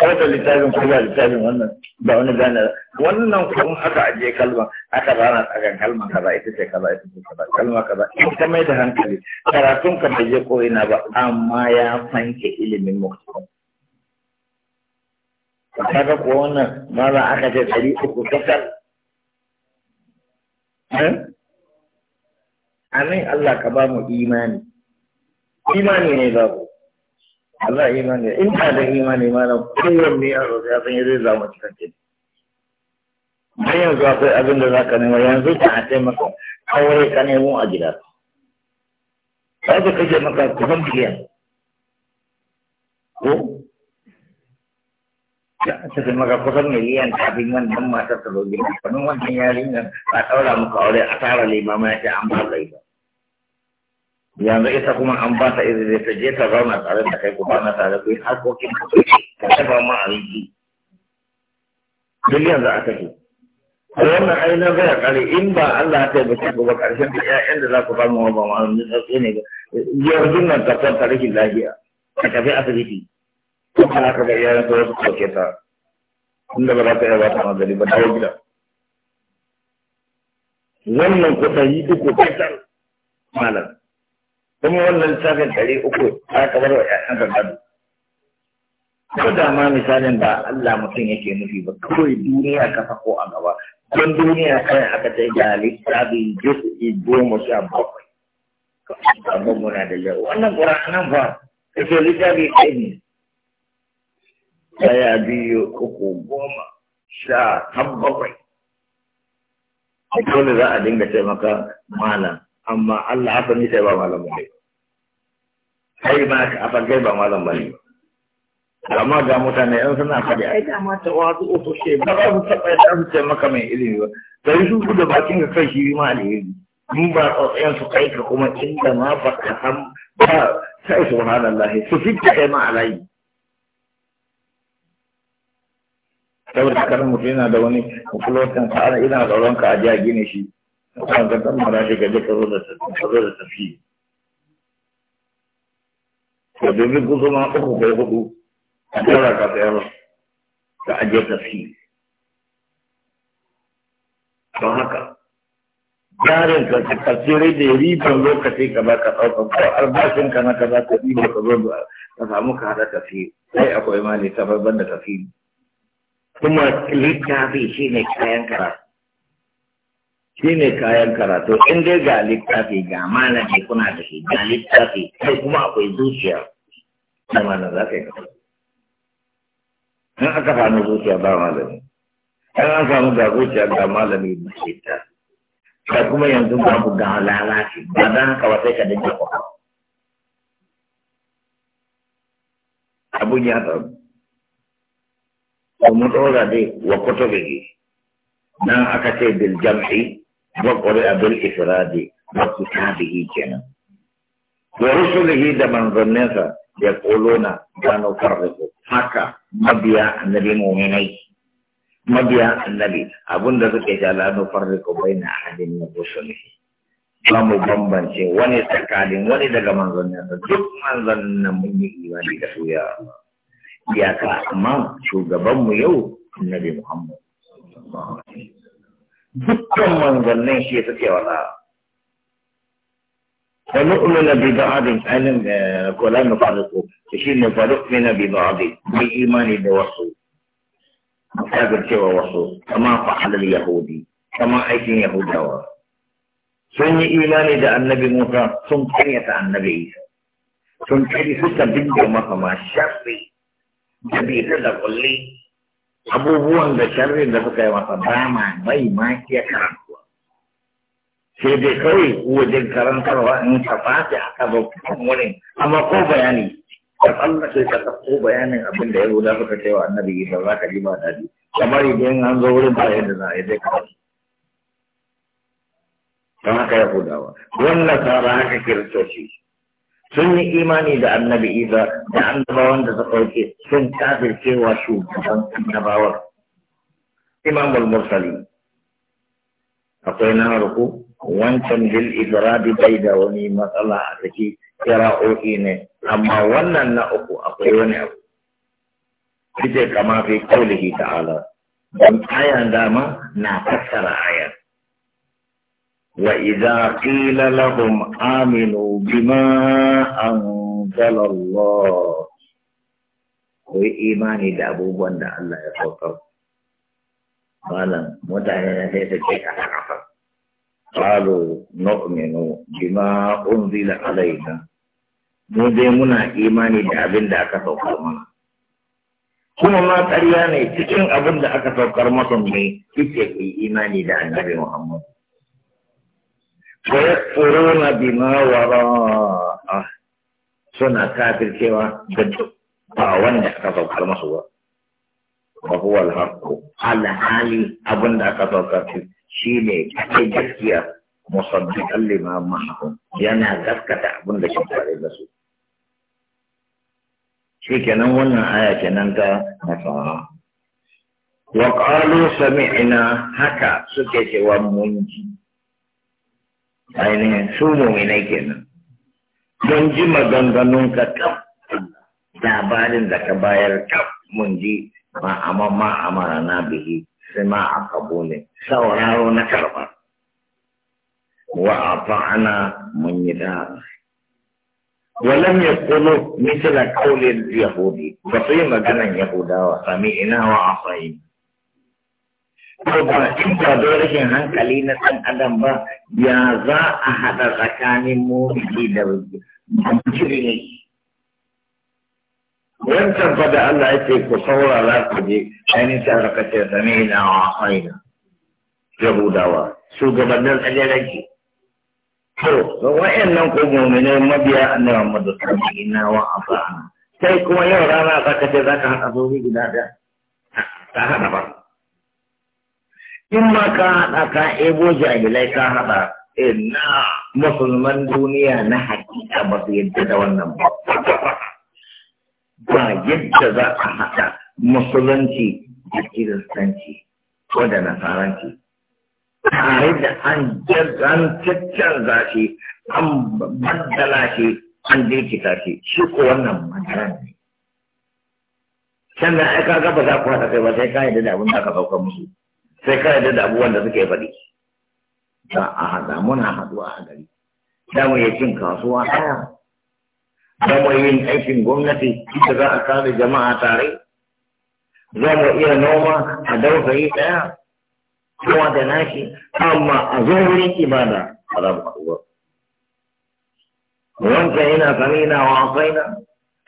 kawai littafin ko ba littafin wannan ba wani gane wannan kun aka ajiye kalma aka rana tsakan kalma kaza ita ce kaza ita ce kaza kalma kaza in ka mai da hankali karatun ka bai je ko ina ba amma ya fanke ilimin mutum kaga ko wannan mara aka ce ɗari uku kasar eh? amin Allah ka ba mu imani imani ne babu Allah imani in ba da imani ma na kowanne yaro ya san yadda za mu cikakke har yanzu akwai abin da za ka nema yanzu ta a taimaka aure ka nemo a gida sai da kake maka kusan biliyan ko ta ce maka kusan miliyan kafin don matar ta zo gida wani wannan yarinyar a ɗaura muka aure a tara limama ya ce an ba laifa yanzu ita kuma an ba ta izini ta je ta zauna tare da kai kuma na tare ku yi harkokin ku ta dafa ma abinci duk yanzu aka ce a wannan aina zai kare in ba Allah ta yi ku ba karshen da ƴaƴan da za ku ba mu ba ma ni tsatsi ne ba yanzu nan ta kwanta rashin lafiya ta tafi asibiti ko kana ka ga iyayen ka wasu ɗauke ta inda ba za ka iya ba ta magani ba dawo gida wannan kuɗa yi duk kuɗa malam kuma wannan lissafin ɗari uku ta ka bar wa ‘ya'yan gado. Ko da ma misalin ba Allah mutum yake nufi ba kawai duniya ka fako a gaba don duniya kai aka ta yi ga lissafi jis'i goma sha bakwai. Abin muna da yawa. wannan ƙuranan fa kake littafi ɗaya ne. Ɗaya biyu uku goma sha har bakwai. Dole za a dinga taimaka malam amma Allah haka nisa sai ba malam bane kai ma ka afa kai ba malam bane amma ga mutane yan suna faɗi ai da ma ta wazu uku she ba za mu taɓa da mu ce maka mai ilimi ba kai su da bakin ka kai shi ma alheri mun ba tsotsayen su kai ka kuma inda ma ba ka san ba sai subhanallah su fitta kai ma alai. saboda karin mutum yana da wani kulotan sa'ana ina tsaron ka a ji a shi kan ga dan mara shi gaje ka zo da ka zo da tafi to domin ku zama uku ko hudu a tsara ka tsayar ka aje tafi don haka jarin ka ka tafsirai da riban lokaci ka ba ka ɗaukar ko albashin ka na kaza ka ɗiba ka zo da ka samu ka hada tafi sai akwai mali ta babban da tafi kuma littafi shine kayan karatu shi ne kayan karatu in dai ga littafi ga ne kuna da shi ga littafi kai kuma akwai zuciya da mana za ka yi kawai in aka samu zuciya ba malami in an samu ga zuciya ga malami ba ta da kuma yanzu ku ga lalaci ba don haka ba sai ka dinga kwa abun ya ta kuma tsora dai wa bege nan aka ce bil jam'i وقرئ بالإفراد وكتابه كنا ورسله ده من ظننسا يقولون لا نفرق حكا مبيا النبي مؤمني مبيا النبي أبن ده كجا لا نفرق بين أحد من رسله ba mu bambance wani tsakanin wani daga manzannin da duk manzannin nan mun yi imani da su ya iyaka amma shugabanmu yau annabi muhammad dukkan manzannin shi suke wala da nu'mina bi ba'adin alim kula na faruku da shi ne faru'mina bi ba'adin mai imani da wasu kafir cewa wasu kama fa'alar yahudi kama aikin yahudawa sun yi imani da annabi musa sun karyata annabi isa sun kari suka dinga masa ma shafi da bai da kulli abubuwan da sharrin da suka yi masa dama ma makiya karatuwa. ke karantuwa sai dai kawai wajen karantarwa in ka fasi aka zo kan wurin amma ko bayani ka tsallake ka ɗauko bayanin abin da ya zo da suka kai wa annabi isa za ka ji ba daɗi kamar idan an zo wurin ba yadda za a yi zai karatu don haka ke hudawa wannan tsara haka kiristoci sun yi imani da annabi isa da annabawan da suka wuce sun kafirce cewa shugaban annabawar imam al-mursali akwai na harku wancan bil ibradi bai da wani matsala a ciki kira'o'i ne amma wannan na uku akwai wani abu kike kama fi kaulihi ta'ala don aya dama na fassara ayan وإذا قيل لهم آمنوا بما أنزل الله وإيمان دابو وند الله يفكر قال متعنين سيسا حقا قالوا نؤمن بما أنزل علينا مديمنا إيمان دابين داكا فوقر منا kuma ma ƙarya ne cikin abin da aka saukar masa ne kike ku imani da annabi Muhammad Yau na tafi cewa babu wanda aka saukar masu ba, babu walhaɓi ko hala hali abin da aka saukar su shine kake gaskiya musamman kan lima mahaifiyar. Yana gaskata abin da shi ya da su. Shi kenan wannan aya kenan ta masawa. Wakalu sami ina haka suke cewa mu wuniki? ainihin su muminai kenan don ji maganganun ka kaf labarin da ka bayar kaf mun ji ma amma ma amara na bihi sai ma aka bone sauraro na karba wa a ata'ana mun yi da ولم يقولوا مثل قول اليهودي Sami ina يهودا a وعصينا ko ba in ba don rashin hankali na ɗan adam ba ya za a haɗa tsakanin mumini da mutum ne wancan fa da Allah yake ku saurara ku je ainihin tare ka ce samina wa aina yahudawa shugabannin tsajeranki to ga wa'annan ko mu'minai mabiya annabi Muhammad samina wa afana sai kuma yau rana za ka ce za ka haɗa zobe guda ɗaya ta haɗa ba in ma ka haɗa ka ebo jahilai ka haɗa ina eh, musulman duniya na hakika ba su yadda da wannan ba ba yadda za a haɗa musulunci da kiristanci ko da nasaranci tare da an an caccanza shi an baddala shi an jirkita shi shi ko wannan madaran ne sannan aika gaba ba za ku haɗa kai ba sai ka yadda da abin da aka saukar musu sai ka da abubuwan da suke faɗi Da a haɗa muna haɗuwa a gari da mu yi cin kasuwa ɗaya da mu yin aikin gwamnati da za a kare jama'a tare za mu iya noma a yi ɗaya kowa da nashi amma a zo wurin ibada ba za mu haɗu ba wancan yana kamina wa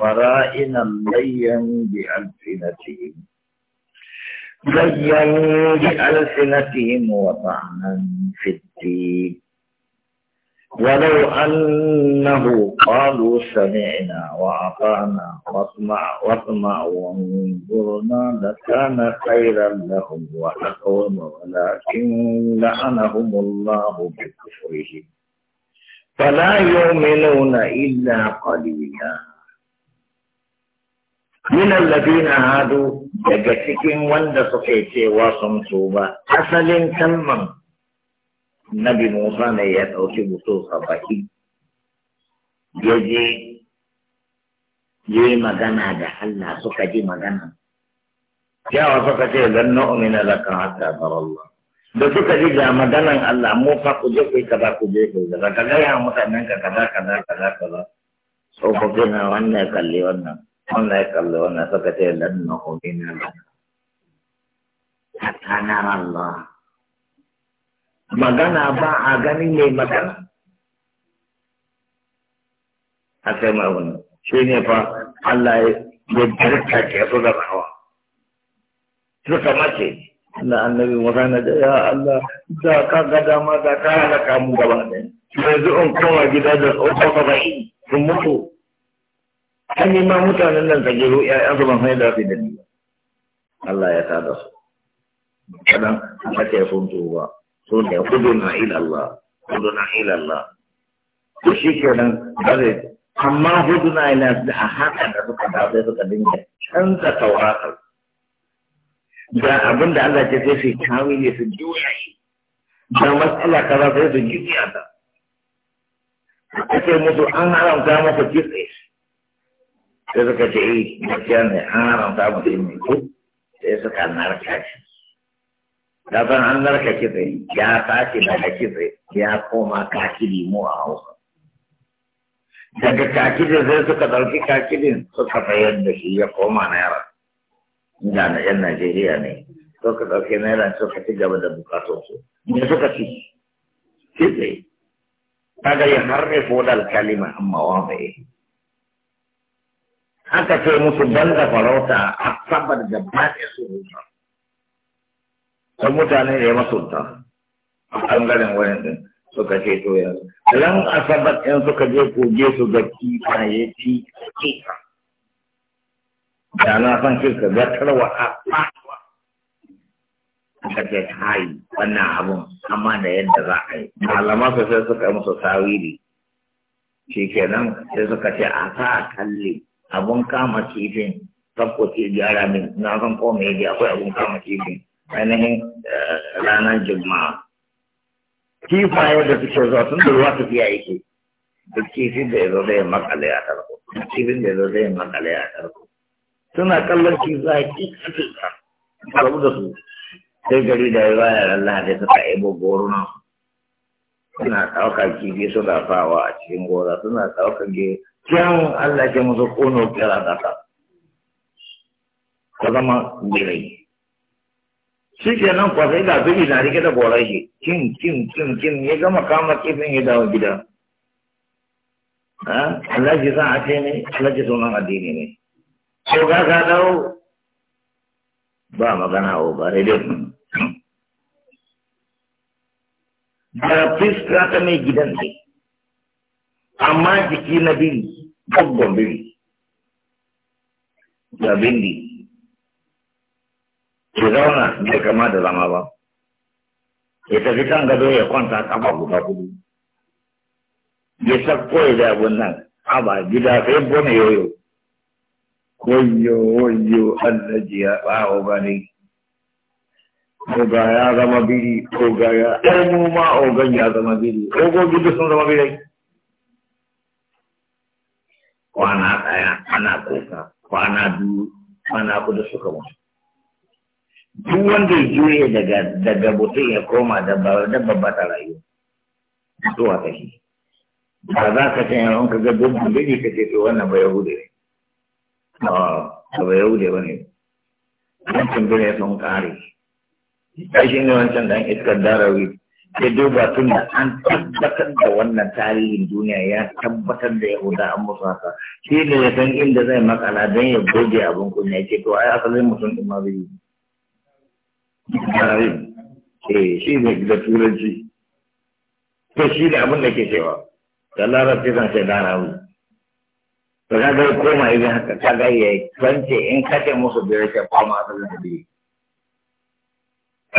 ورائنا ليا بألسنتهم ليا بألسنتهم وطعنا في الدين ولو أنه قالوا سمعنا وأطعنا واسمع واسمع وانظرنا لكان خيرا لهم وأقوم ولكن لعنهم الله بكفرهم فلا يؤمنون إلا قليلا min alladina hadu daga cikin wanda suke cewa sun ba. asalin kalman nabi musa ne ya ɗauki mutum sabaki. ya je yi magana da allah suka ji magana yawa suka ce lan nu'mina laka hatta tarallah da suka ji ga maganan allah mu ku je ku yi kaza ku je ku yi kaza ka gaya mutanen ka kaza kaza kaza kaza So tsofaffin na wannan kalli wannan wannan kallo kalli wannan suka ce lanna hominin lana tsakanar Allah magana ba a gani mai magana a sai mai wani shi ne fa Allah ya barka ke su da bawa suka mace Allah annabi magana da ya Allah da ka ga dama da ka halaka mu gaba ɗaya yanzu in kowa gida da tsofa ba sun mutu an yi ma mutanen nan ta gero ‘ya'yansu ban sai da su da ni Allah ya tada su kadan aka ce sun ba, sun ne kudu na ilallah kudu na ilallah Ko shi kenan zai, amma hudu na ilallah da haka da suka da sai suka dinga canza tauratar da abin da Allah ce sai su kawo ne su juya shi da matsala kaza sai su juya ta ake musu an haramta masa kitse sai suka ce eh, yi gaskiya ne an haramta mutum mai ko sai suka narka shi da san an narka kitse ya tashi daga kitse ya koma kakiri mu a hausa daga kakirin sai suka ɗauki kakirin suka sayar da shi ya koma naira inda na yan najeriya ne suka ɗauki naira suka ci gaba da bukatunsu me suka ci kitse kaga ya harre fodal kalima amma wa mai aka ce musu banda farauta a sabar da ba ɗaya su rusa sun mutane da ya masulta a ɓangaren wayan ɗin suka ce to yanzu ran asabar ɗin suka je koge su ga kifaye ci kifa da na san kirka tarwa a fasuwa aka ce kai wannan abun amma da yadda za a yi malama su sai suka yi musu tawiri shi kenan sai suka ce a sa kalli abun kama kifin tabko ce gyara min na san ko me ya akwai abun kama kifin ainihin eh, ranar juma'a kifaye da suke zuwa sun da ruwa tafiya yake da kifin da ya zo zai makale a tarko kifin da ya zo zai makale a tarko suna kallon kifaye kika kika rabu da su sai gari da ya baya Allah da suka ebo goruna suna ɗaukar kifi suna fawa a cikin gora suna ɗaukar can Allah ke musu ƙono kira da ta ka zama birai shi ke nan kwa sai ga biri na rike da borai shi kin kin kin kin ya gama kama kifin ya dawo gida Allah ke san a ne Allah ke sunan addini ne ko ga ka dawo ba magana o ba dai ba fiska ta mai gidan ne amma jiki na biri gaggon biri da bindi ya zauna bai kama da zama ba ya tafi kan gado ya kwanta kafa guda kudu ya sakko ya zaɓin nan haba gida sai bone yoyo koyo koyo allaji ya ɓawo ba ne oga ya zama biri oga ya ɗan ma ogan ya zama biri ogo gida sun zama birai kwana ɗaya ana kuka kwana biyu kwana kudu suka mutu duk wanda ya juye daga daga mutum ya koma da dabba ba ta rayuwa zuwa ta shi ba za ka ce yaron ka ga da bini ka ce to wannan ba ya ne a ba ba ne wancan bini sun kare shi ne wancan dan iskar darawi ya duba tun da an tabbatar da wannan tarihin duniya ya tabbatar da yahuda an musu haka shi ne ya san inda zai makala don ya goge abin kunya ya ce to ai asalin mutum ɗin ma zai yi eh, shi ne da turanci to shi da abin da ke cewa da larabci zan sai larabu to ka ga koma idan haka ka ga ya kwance in kace musu biyar ce koma asalin da biyu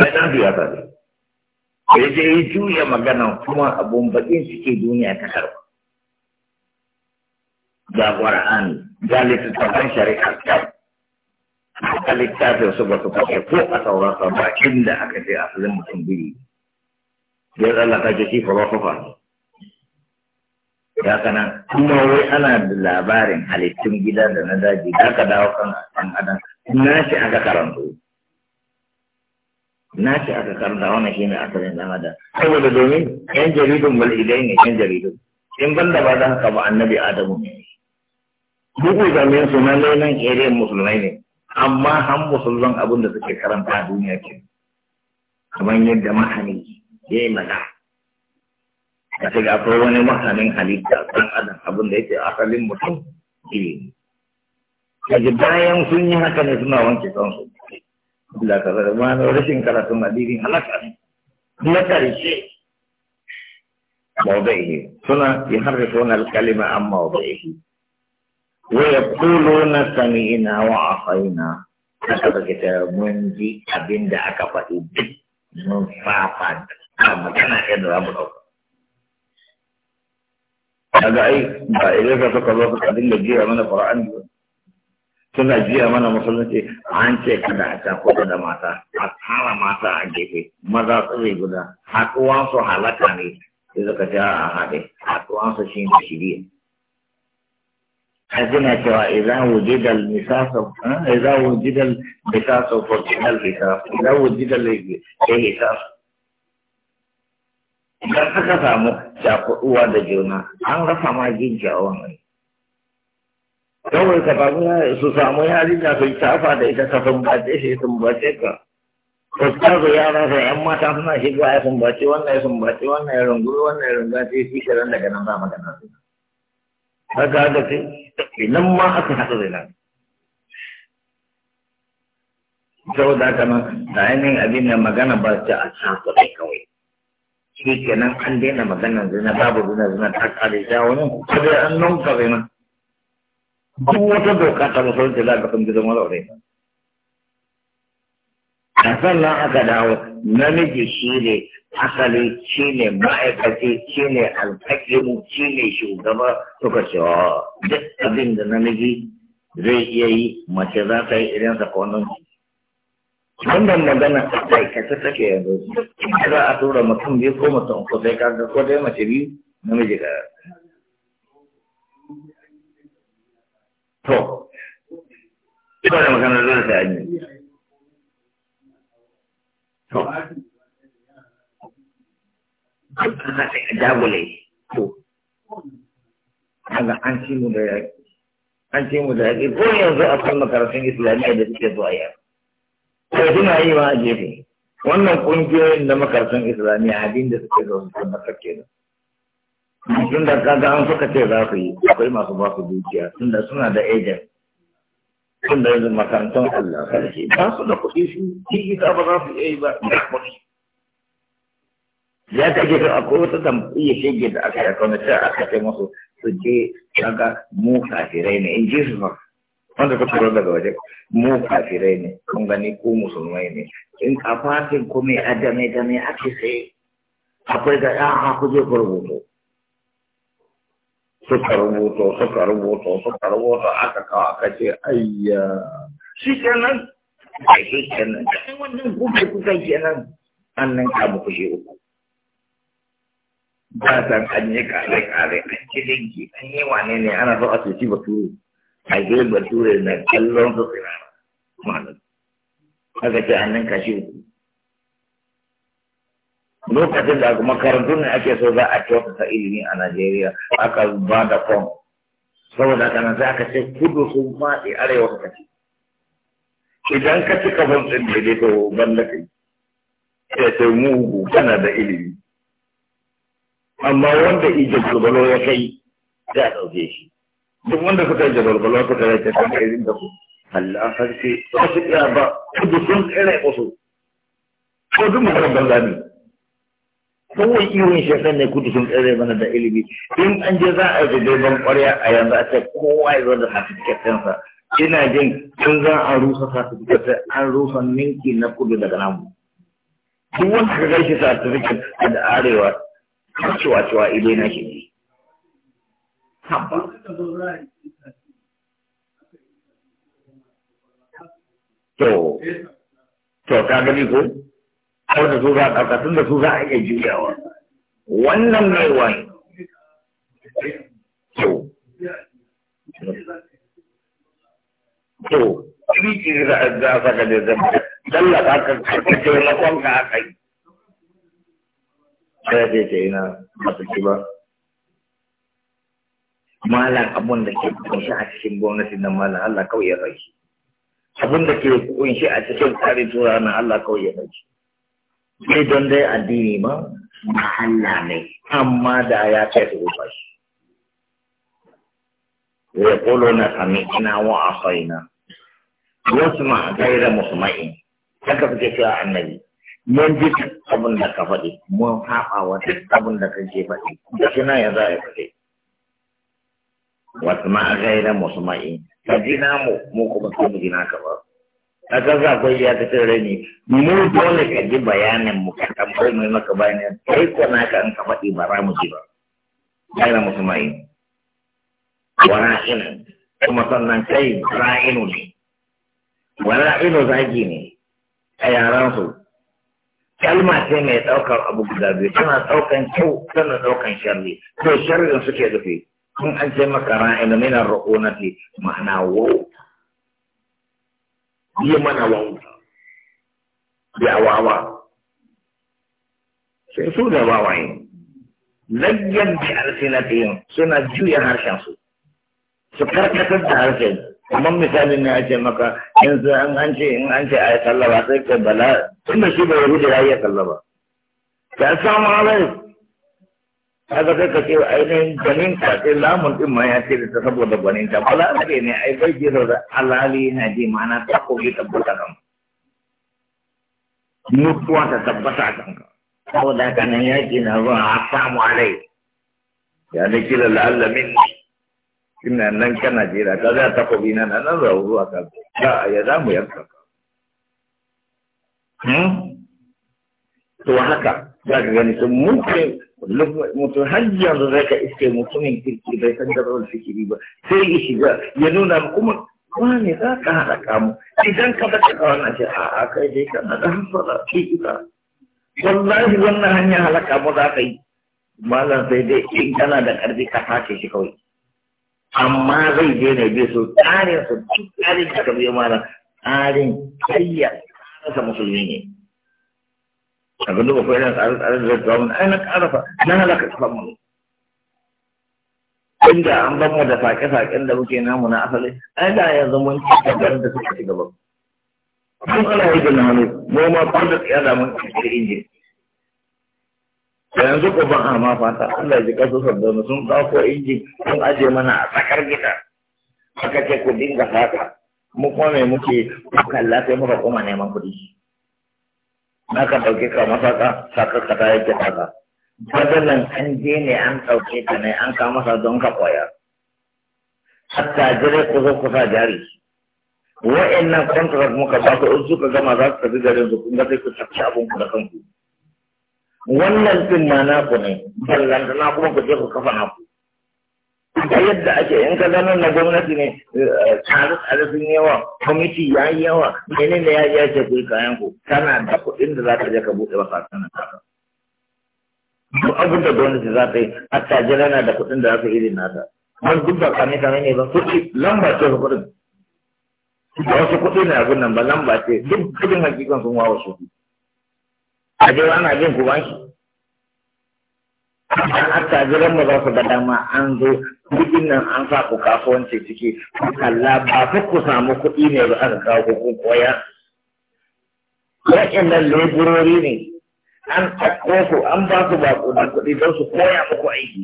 ai dan biya ta biyu da je ya juya magana kuma abun bakin suke duniya ta karba ga ƙwar'ani ga littattafan shari'a ta a littafin su ba su kashe ko a sauransa bakin da aka ce asalin mutum biyu ya tsallaka ke shi filosofa ya kana kuma wai ana da labarin halittun gida da na daji da ka dawo kan ɗan adam na shi aka karanto na ce aka karanta wannan shine asalin dan adam saboda domin yan jaridun walidai ne yan jaridun in da ba za ka ba annabi adamu ne duk da men su nan kere musulmai ne amma han musulman abin da suke karanta a duniya ke kamar yadda mahani ya yi mana ka ce ga akwai wani mahanin halitta dan adam abin da yake asalin mutum ilimi kaji bayan sun yi haka ne suna wanke kansu bila kaza da mana rashin karatun addinin halaka ne na karshe mawdaihi suna har da tona kalima an mawdaihi wa ya kulo na sami'ina wa a haina ta kaza ki ta mun ji abin da aka faɗi duk mun fafa a ah, magana yadda za mu ɗauka. Kaga ai ba idan ka suka zo ka dinga jiya mana fara'an suna jiya mana musulunci an ce kada a can kudu da mata a tara mata a gefe maza tsiri guda haɗuwansu halaka ne sai suka ce a haɗe haɗuwansu shi ne shirya har suna cewa idan wujidal misasau eh, idan wujidal misasau for jinal hisasu idan wujidal ya hisasu idan aka samu shafuɗuwa da juna an rasa ma jin kyawun kawai ka faru su samu yarinya su tafa da ita ta sumbace shi sumbace ka fuskar da yara da yan mata suna shiga ya sumbace wannan ya sumbace wannan ya runguri wannan ya rungace shi kiran daga nan ba magana su haka da ce idan ma aka haɗu da nan da haka nan da ainihin abin da magana ba ta a shafa kawai shi kenan an daina maganar zina babu zina zina ta kare ta wani kudai an nunka zina duk wata doka ta musulunci za ka sun ji zama zaure ba a sannan aka dawo namiji shi ne asali shi ne ma'aikaci shi ne alfakimu shi ne shugaba suka ce wa oh, duk abin da namiji zai iya yi mace za ta yi irin sa kwanan wannan magana a aikace take yanzu za a tura mutum biyu ko mutum ko sai kaga ko dai mace biyu namiji ga to ina da magana dole ta yi to ana a dagule to kaga an ci mu da an ce mu da yaƙi ko yanzu a kan makarantun islamiyya da suke zuwa yau ko suna yi ma a gefe wannan ƙungiyoyin da makarantun islamiyya abin da suke zuwa sun masar kenan tun da kaga an suka ce za su yi akwai masu ba su dukiya tun da suna da ejen tun da yanzu makarantar Allah sarki ba su da kuɗi su yi ita ba za su iya yi ba da kuɗi ya kake to akwai wata tamfiya shege da aka yi kawai sai aka ce musu su je kaga mu kafirai ne in ji su ba wanda ka turo daga waje mu kafirai ne kun gani ko musulmai ne in a kuma ya mai adame da ake sai akwai ga ya ha kuje ku suka rubuto suka rubuto suka rubuto aka kawo aka ce ayya shi kenan ai shi kenan kai wannan kuka kuka kenan annan ka muku shi uku ba san an yi kare kare an ci dinki an yi wane ne ana so a cuci bature a je bature na kallon su tsira malam aka ce annan ka shi uku lokacin da makarantun ne ake so za a kyautata ilimi a Najeriya aka ba da fom saboda haka nan sai aka ce kudu sun faɗi arewa ka ci idan ka ci kafin ɗin daidai to ban da kai sai sai mugu kana da ilimi amma wanda ijin gulgulo ya kai za a ɗauke shi duk wanda suka yi jabalbalo suka yi ta kan irin da ku Allah sarki ba su iya ba kudu sun tsere su ko duk mutum banza ne kawai irin shekar ne kudu sun tsere mana da ilimi in an je za a yi daidaiban kwarya a yanzu a ce kowa ya zo da satifiketinsa ina jin in za a rusa satifiketin an rusa ninki na kudu daga namu duk wanda ka gaishe satifiket a da arewa cewa cewa ido na shi ne to to ka gani ko ko da su za a ƙasa, tun da su za a iya juyawa wannan mai wani to to abin ki za a saka da zama tallaka ka karɓi kwan ka a kai sai ce yi na masu ci ba malam abun da ke kunshi a cikin gwamnati na malam Allah kawai ya rai abun da ke kunshi a cikin tsarin tura na Allah kawai ya rai sai don dai addini ba na Allah ne amma da ya ce su ba shi ya kolo na sami ina wa a faina wasu ma a gaira musulmai haka suke cewa annabi mun ji abin da ka faɗi mun haɓa wa duk abin da ke faɗi da kina ya za a faɗi wasu ma a gaira ma'i ka ji na mu mu kuma ka mu ji na ka ba a kan sa akwai ya ta tare ni. mu dole ka ji bayanin mu ka tambayi mai maka bayanin kai ko na ka an ka faɗi ba za mu ji ba musu mai wala ina kuma sannan kai inu ne wala ino zagi ne a yaran su kalma ce mai ɗaukar abu guda biyu tana ɗaukan kyau tana ɗaukan sharri to sharrin suke rufe kun an ce maka ra'inu minar ru'unati ma'ana wo? yi mana wa wanka ya wawa sai su da wawaye lagyan bi alsinatihim suna juya harshen su su karkatar da harshen kamar misalin ne ce maka yanzu an an ce in an ce a yi sallaba sai ka bala da shi bai rubuta ya yi sallaba ta samu alai kaga sai ka ce ainihin ganin ka sai lamun din ma ya ce da ta saboda ganin ta ba larabe ne ai bai ji da alali yana ji ma'ana ta koyi tabbata kan mutuwa ta tabbata a kanka saboda haka nan yaƙi na zuwa a samu alai ya da kila la'alla minni ina nan kana jira ka za ta kobi na nan za zuwa ka za ya za yanka ka hmm? to haka za ka gani sun mutu mutum har yanzu zai ka iske mutumin kirki bai san da rawar fikiri ba sai ya shiga ya nuna kuma ne za ka haɗa kamu idan ka bata ka wannan ce a kai dai kana da hasara ki ita wallahi wannan hanya halaka mu za ka yi malam sai dai in kana da ƙarfi ka sake shi kawai amma zai je ne bai so tsarin su duk tsarin da ka biyo malam tsarin kayya rasa musulmi ne abin da bakwai yana tsarin tsarin da zuwa mun ainihin ƙarafa na halaka kafan inda an ban mu da faƙe-faƙen da muke namu na asali ai da yanzu mun ci da suka ci gaba mun ana wajen na hannu mu ma kun da tsaya da mun ci injin da yanzu ko ban a ma fata Allah ya ji kasu sabbin sun ɗauko injin sun aje mana a tsakar gida aka ce ku dinga haka mu kuma mai muke kalla sai muka koma neman kuɗi na ka ɗauke ka masaka saka ka ta yake haka fadalan an je ne an ɗauke ka ne an ka masa don ka koya hatta jire kusa-kusa zo kusa jari wa'annan contract muka ba ku in ka gama za su tafi garin su kun ga sai ku tafi abin ku da kanku wannan din ma naku ne na kuma ku je ku kafa naku ga yadda ake in ka zama na gwamnati ne eh, tsare alifin yawa kwamiti ya yi yawa mene ne ya yi ce kuri kayan ku tana da kuɗin da za ka je ka buɗe masa sanin haka duk abin da gwamnati za ta yi a tajira na da kuɗin da za ta yi irin nata an duk ba kame kame ne ba kuɗi lamba ce kuɗin da wasu kuɗi ne abin nan ba lamba ce duk kuɗin hakikan sun wawa su a je ana jin ku ba idan attajiran mu za su ga dama an zo bikin nan an sa ku kasuwanci ciki Allah ba fa ku samu kuɗi ne ba aka kawo ku koya wa'annan leburori ne an ɗauko su an ba su ba kuɗin kuɗi don su koya muku aiki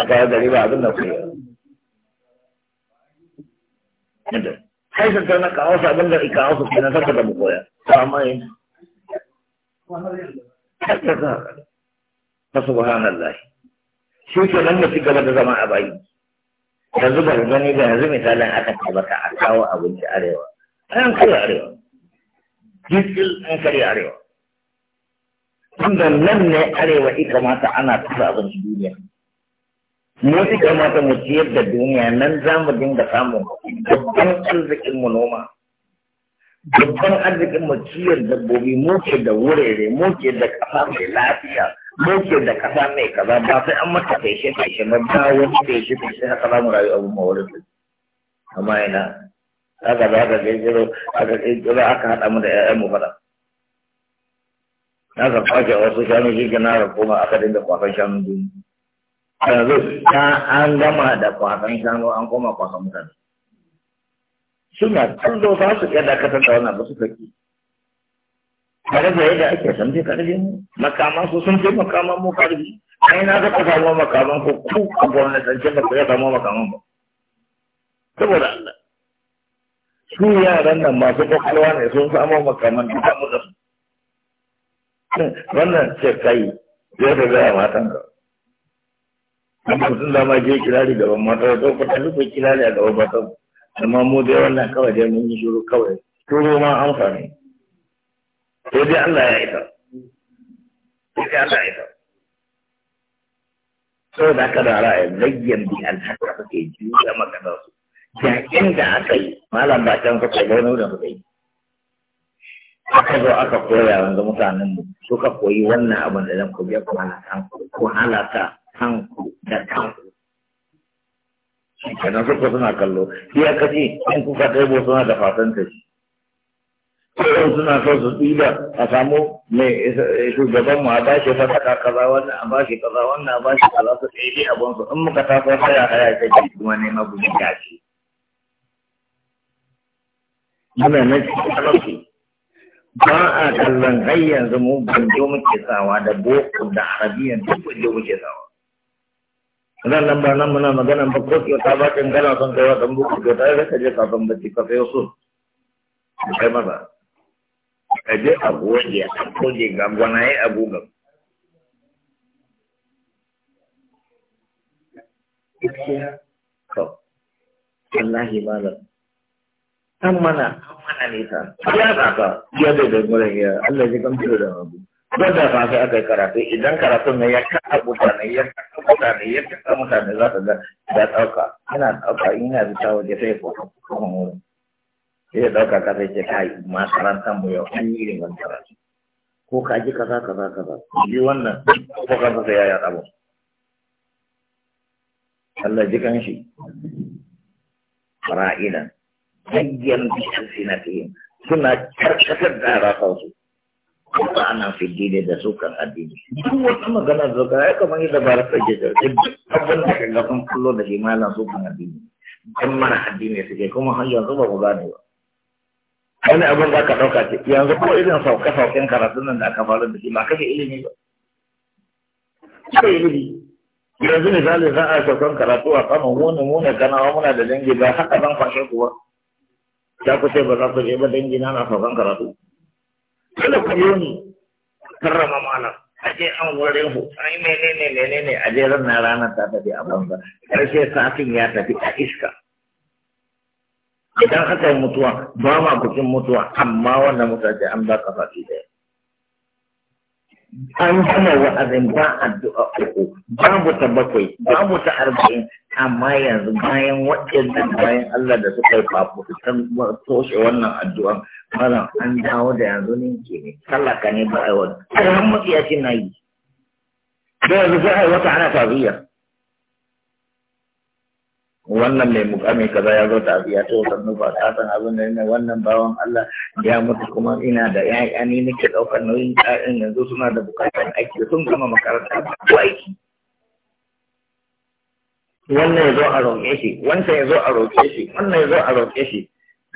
a kawo gari ba abin da ku yi sai su tana kawo su abin da ikawo su kenan saka da mu koya amma yin na subhanallah shi ke nan da gaba da zama a bayi yanzu ba gani ba yanzu misalin aka ce baka a kawo abinci arewa an karya arewa jiskil an karya arewa tunda nan ne arewa ita mata ana tura abinci duniya mu ita mata mu ciyar da duniya nan za mu dinga samun babban arzikin mu noma babban arzikin mu ciyar dabbobi mu ke da wurare mu ke da kasa mai lafiya mu ke da kasa mai kaza ba sai an mata feshe feshe ba ba wani feshe feshe haka za mu rayu abu ma wurin amma ina aka ba aka gaggiro aka gaggiro aka haɗa mu da ƴaƴan mu fada aka kwace wasu shanu shi ke na koma aka dinga kwasan shanu duniya yanzu an gama da kwasan shanu an koma kwasan mutane suna zo ba su iya dakatar da wannan ba su kaki tare da yadda ake san zai karfi mu makaman su sun ce makaman mu karfi ai na zaka samu makaman ku ku a ce ba ku ya samu makaman ba saboda Allah su yaran nan masu kwakwalwa ne sun samu makaman da samu da su wannan ce kai Ya ta gaya matan ka amma sun zama je kirari gaban mata ko ko ta rufe kirari a gaban matan amma mu dai wannan kawai dai mun yi shiru kawai turo ma amfani sai dai Allah ya isa sai dai Allah ya isa sau da aka da ra'ayi zayyan bi alhaka suke juya maka da su jakin da aka yi malam ba can kuka gano da kuka yi aka zo aka koya yanzu mutanen mu suka koyi wannan abin da zan ku biya ku halata ku halata kanku da kanku kenan suka suna kallo ya kace in kuka kai bo suna da fatan ta shi sai suna so su tsira a samu mai shugaban mu a ba shi sadaka kaza wannan a ba shi kaza wannan a ba shi kaza su kai dai abun su in muka taso haya haya ta ji kuma ne ma gudun gashi muna nan cikin talauci ba a kallon har yanzu mu banjo muke sawa da boko da arabiyan duk banjo muke sawa nan nan ba nan muna magana ba ko kyauta ba kan gana son buku kafin bacci ka su kai je a goge a goge ga yi a malam mana mana ya ya bai da mulan ya Allah kan da abu ba da fa sai aka karatu idan karatun ne ya ka abu ne ya ka mutane ya kasa za ɗauka yana ɗauka ina da ta waje sai ko kuma wurin sai ya ɗauka ka sai ce ta yi makarantar mu yau an yi irin wani karatu ko ka ji kaza kaza kaza ji wannan ko ka sai ya yi mu Allah ji kan shi ra'idan hayyan bi alsinatihim suna karkatar da rafansu kuma ana fiddi da sukan addini duk wata magana da zuka ya kamar yadda ba rasa da ka gafin da sukan addini dan mana addini yanzu ba ku gane ba wani abin da aka ɗauka ne yanzu ko irin da aka da ba yanzu za a saukan karatu a muna wa muna da dangi ba haka zan fashe kuwa Ya ku ce ba za ku je ba dangi na na saukan karatu kada ku yi mu karrama malam aje an wurin ku ai menene menene aje ran na ranar ta tafi a banza karshe satin ya tafi a iska idan aka yi mutuwa ba ma kucin mutuwa amma wannan mutuwa an ba ka faɗi ɗaya an gama wa'azin ba addu'a uku babu ta bakwai babu ta arba'in amma yanzu bayan waɗannan bayan Allah da suka yi fafutukan toshe wannan addu'an mana an dawo da yanzu ke ne sallaka ne ba aiwa alhan matsiyacin na yi da yanzu sai aiwata ana tafiya wannan mai mukami kaza ya zo tafiya to sannu ba ta san abin da ne wannan bawan Allah ya mutu kuma ina da 'ya'yani, ni nake ɗaukar nauyin ƴaƴan yanzu suna da bukatar aiki sun gama makaranta ko aiki wannan ya zo a roƙe shi wannan ya zo a roƙe shi wannan ya zo a roƙe shi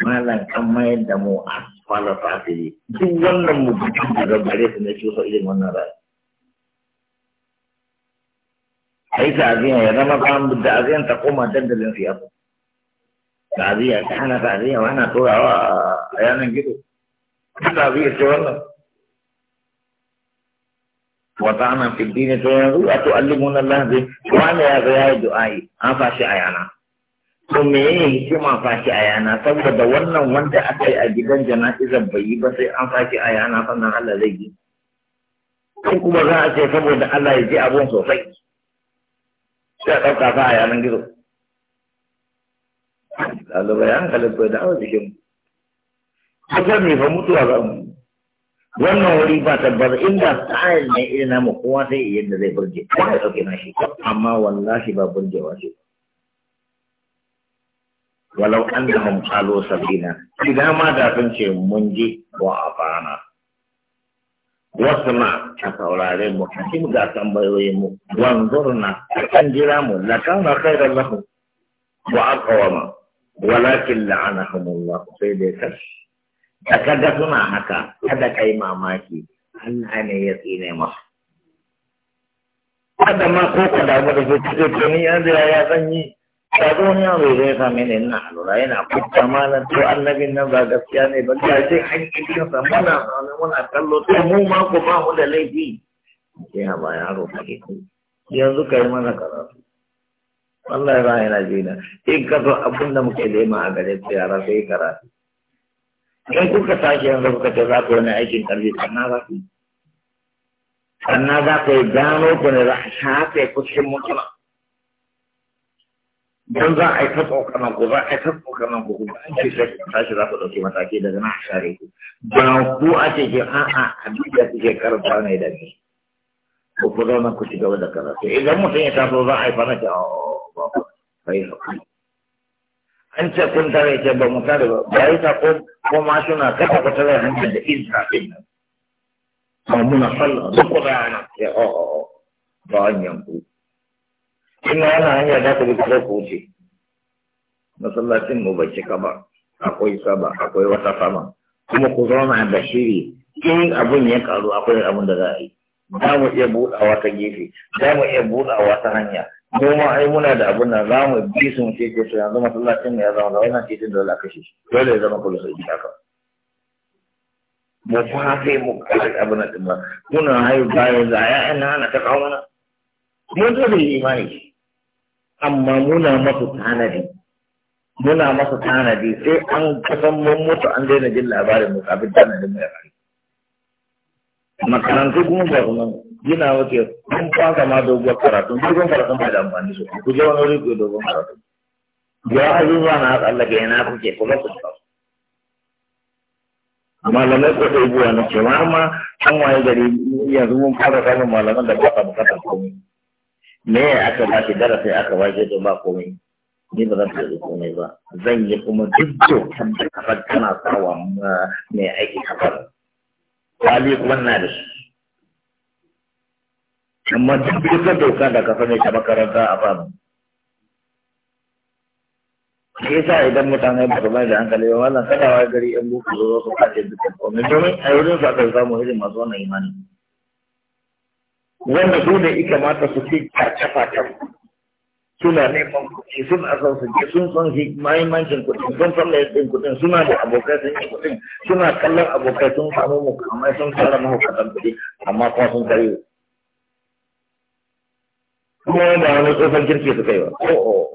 malam an mayar da mu a fara fasiri duk wannan mu bikin daga gare su na cusa irin wannan rai a yi ta'aziyya ya zama kan ta'aziyyan ta koma dandalin siyasa ta'aziyya ta hana ta'aziyya wa ana turawa a yanar gizo ta'aziyya ce wannan Wata to yanzu وطعنا في الدين تنظر أتؤلمون الله به وأنا يا غياء دعائي أفاشي أيانا to me ya hikima fashi a yana saboda wannan wanda aka yi a gidan jana'izar bai yi ba sai an fashi a yana sannan Allah zai yi ko kuma za a ce saboda Allah ya ji abun sosai sai a ɗauka sa a yanar gizo ɗalibai an kalibai da awa jikin kusan mai fa mutuwa za mu wannan wuri ba tabbar inda sa'ayin ne irin namu kowa sai yadda zai burge kuma ya ɗauke na shi amma wallahi ba burgewa ce ba walau annahum qalu sabina idan ma da sun ce mun ji wa afana wasma ka saurare mu kin ga tambayoyin mu wanzurna kan jira mu lakana khairan lahum wa aqwama walakin la'anahum Allah sai dai kashi da kaga haka kada kai mamaki Allah ne ya tsine masu kada ma ko ka damu da su cikin tuni an zira ya yi. ka zo wani yaro zai same ni ina alura yana kuta malam to annabin nan ba gaskiya ne ba ta ce an yi kinsa muna zaune muna kallo to mu ma ku ba mu da laifi ya ba yaro ka ke yanzu ka yi mana karatu Allah ya ba yana jina in ka zo abin da muke lema a gare ku yara sai karatu in kuka tashi yanzu kuka ce za ku wani aikin karfi sannan za ku sannan za ku yi gano ku ne za a shafe ku cikin mutuna don za a yi ta tsokanan ku za a yi ta tsokanan ku kuma an ce sai tashi za ku ɗauki mataki daga nan a share ku ba ku a ce ke a abin da kuke karanta ne da ni ko ku zauna ku ci gaba da karatu idan mutum ya taso za a yi fana ce oh, ba ku kai hakuri an ce kun tare ce ba mu tare ba ba yi ko ko ma suna kada ku tare hankali da izra din nan ba muna sallah duk ku da ana ce ba yanku ina yana hanyar za ku bi kusa ku wuce masallacin mu bai cika ba akwai saba akwai wata sama kuma ku zama da shiri in abun ya karu akwai abun da za a yi za mu iya buɗawa ta gefe za mu iya buɗawa ta hanya mu ma ai muna da abun nan za mu bi su mu ce ce su yanzu masallacin mu ya zama da wannan titin da a kashe shi dole ya zama kula sauki haka mu fa sai mu kala abun nan din ba muna haihu bayan za a ya'yan nan ana ta kawo mana mun zo da imani amma muna masu tanadi muna masa tanadi sai an kasan mun mutu an daina jin labarin mu kafin tanadin mu ya kare makarantu kuma ba kuma gina wace kun fasa ma dogon karatu dogon karatu ba da amfani su ku je wani wuri ku dogon karatu ya ba na tsallake yana kuke kuma ku ba malamai ko da ibuwa na cewa ma an waye gari yanzu mun fara samun malaman da ba ka bukatar komai me aka ba shi darasi aka ba shi ba komai ni ba zan faɗi komai ba zan yi kuma duk dokan da kafar kana sawa mai aiki kafar kwali kuma na da shi amma duk kusa dokan da kafar mai ta makaranta a fara me yasa idan mutane ba su mai da hankali ba wannan kada wa gari yan boko zo su kace dukkan komai domin a wurin sa aka samu irin masu wannan imani wanda dole ne kamata mata su fi kace-facen suna neman kuɗi suna son su ke sun san shi mahimmancin kuɗin sun san laifin kuɗin suna da abokai sun yi kuɗin suna kallon abokai sun samu mukamai sun tsara kaɗan kuɗi amma kuma sun karye kuma ba wani tsofan kirki suka yi ba ko oh, oh.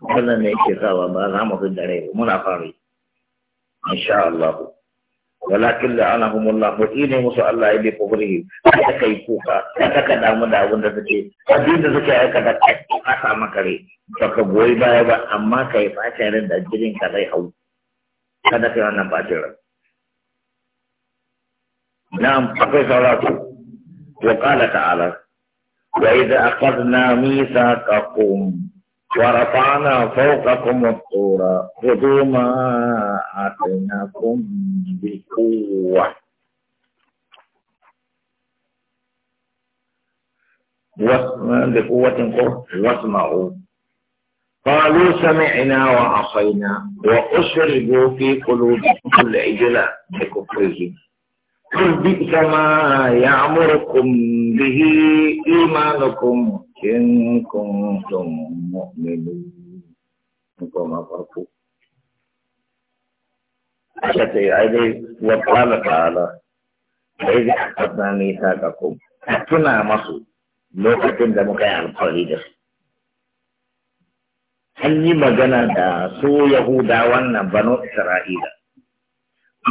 wannan ne yake sawa ba za mu fi dare rai muna fari insha Allah walakin la'anahum Allah ko ne musu Allah ya bi kufrihi kada kai kuka kada ka damu da abin da suke abin da suke aikata ka samu kare baka goyi baya ba amma kai bacin ran da jirin ka zai hau kada kai wannan bacin ran na'am akwai sauratu wa qala ta'ala wa idza aqadna mithaqakum ورفعنا فوقكم الطور خذوا ما آتيناكم بقوة بقوة واسمعوا قالوا سمعنا وعصينا وأشربوا في قلوبكم العجلة بكفرهم قل بئس ما يعمركم به إيمانكم إن كنتم مؤمنين كما فرقوا أشتي عليه وقال تعالى إذا أخذنا ميثاقكم أتنا مصر lokacin da muka yi alfahari da su. magana da su Yahuda wannan banu Isra'ila,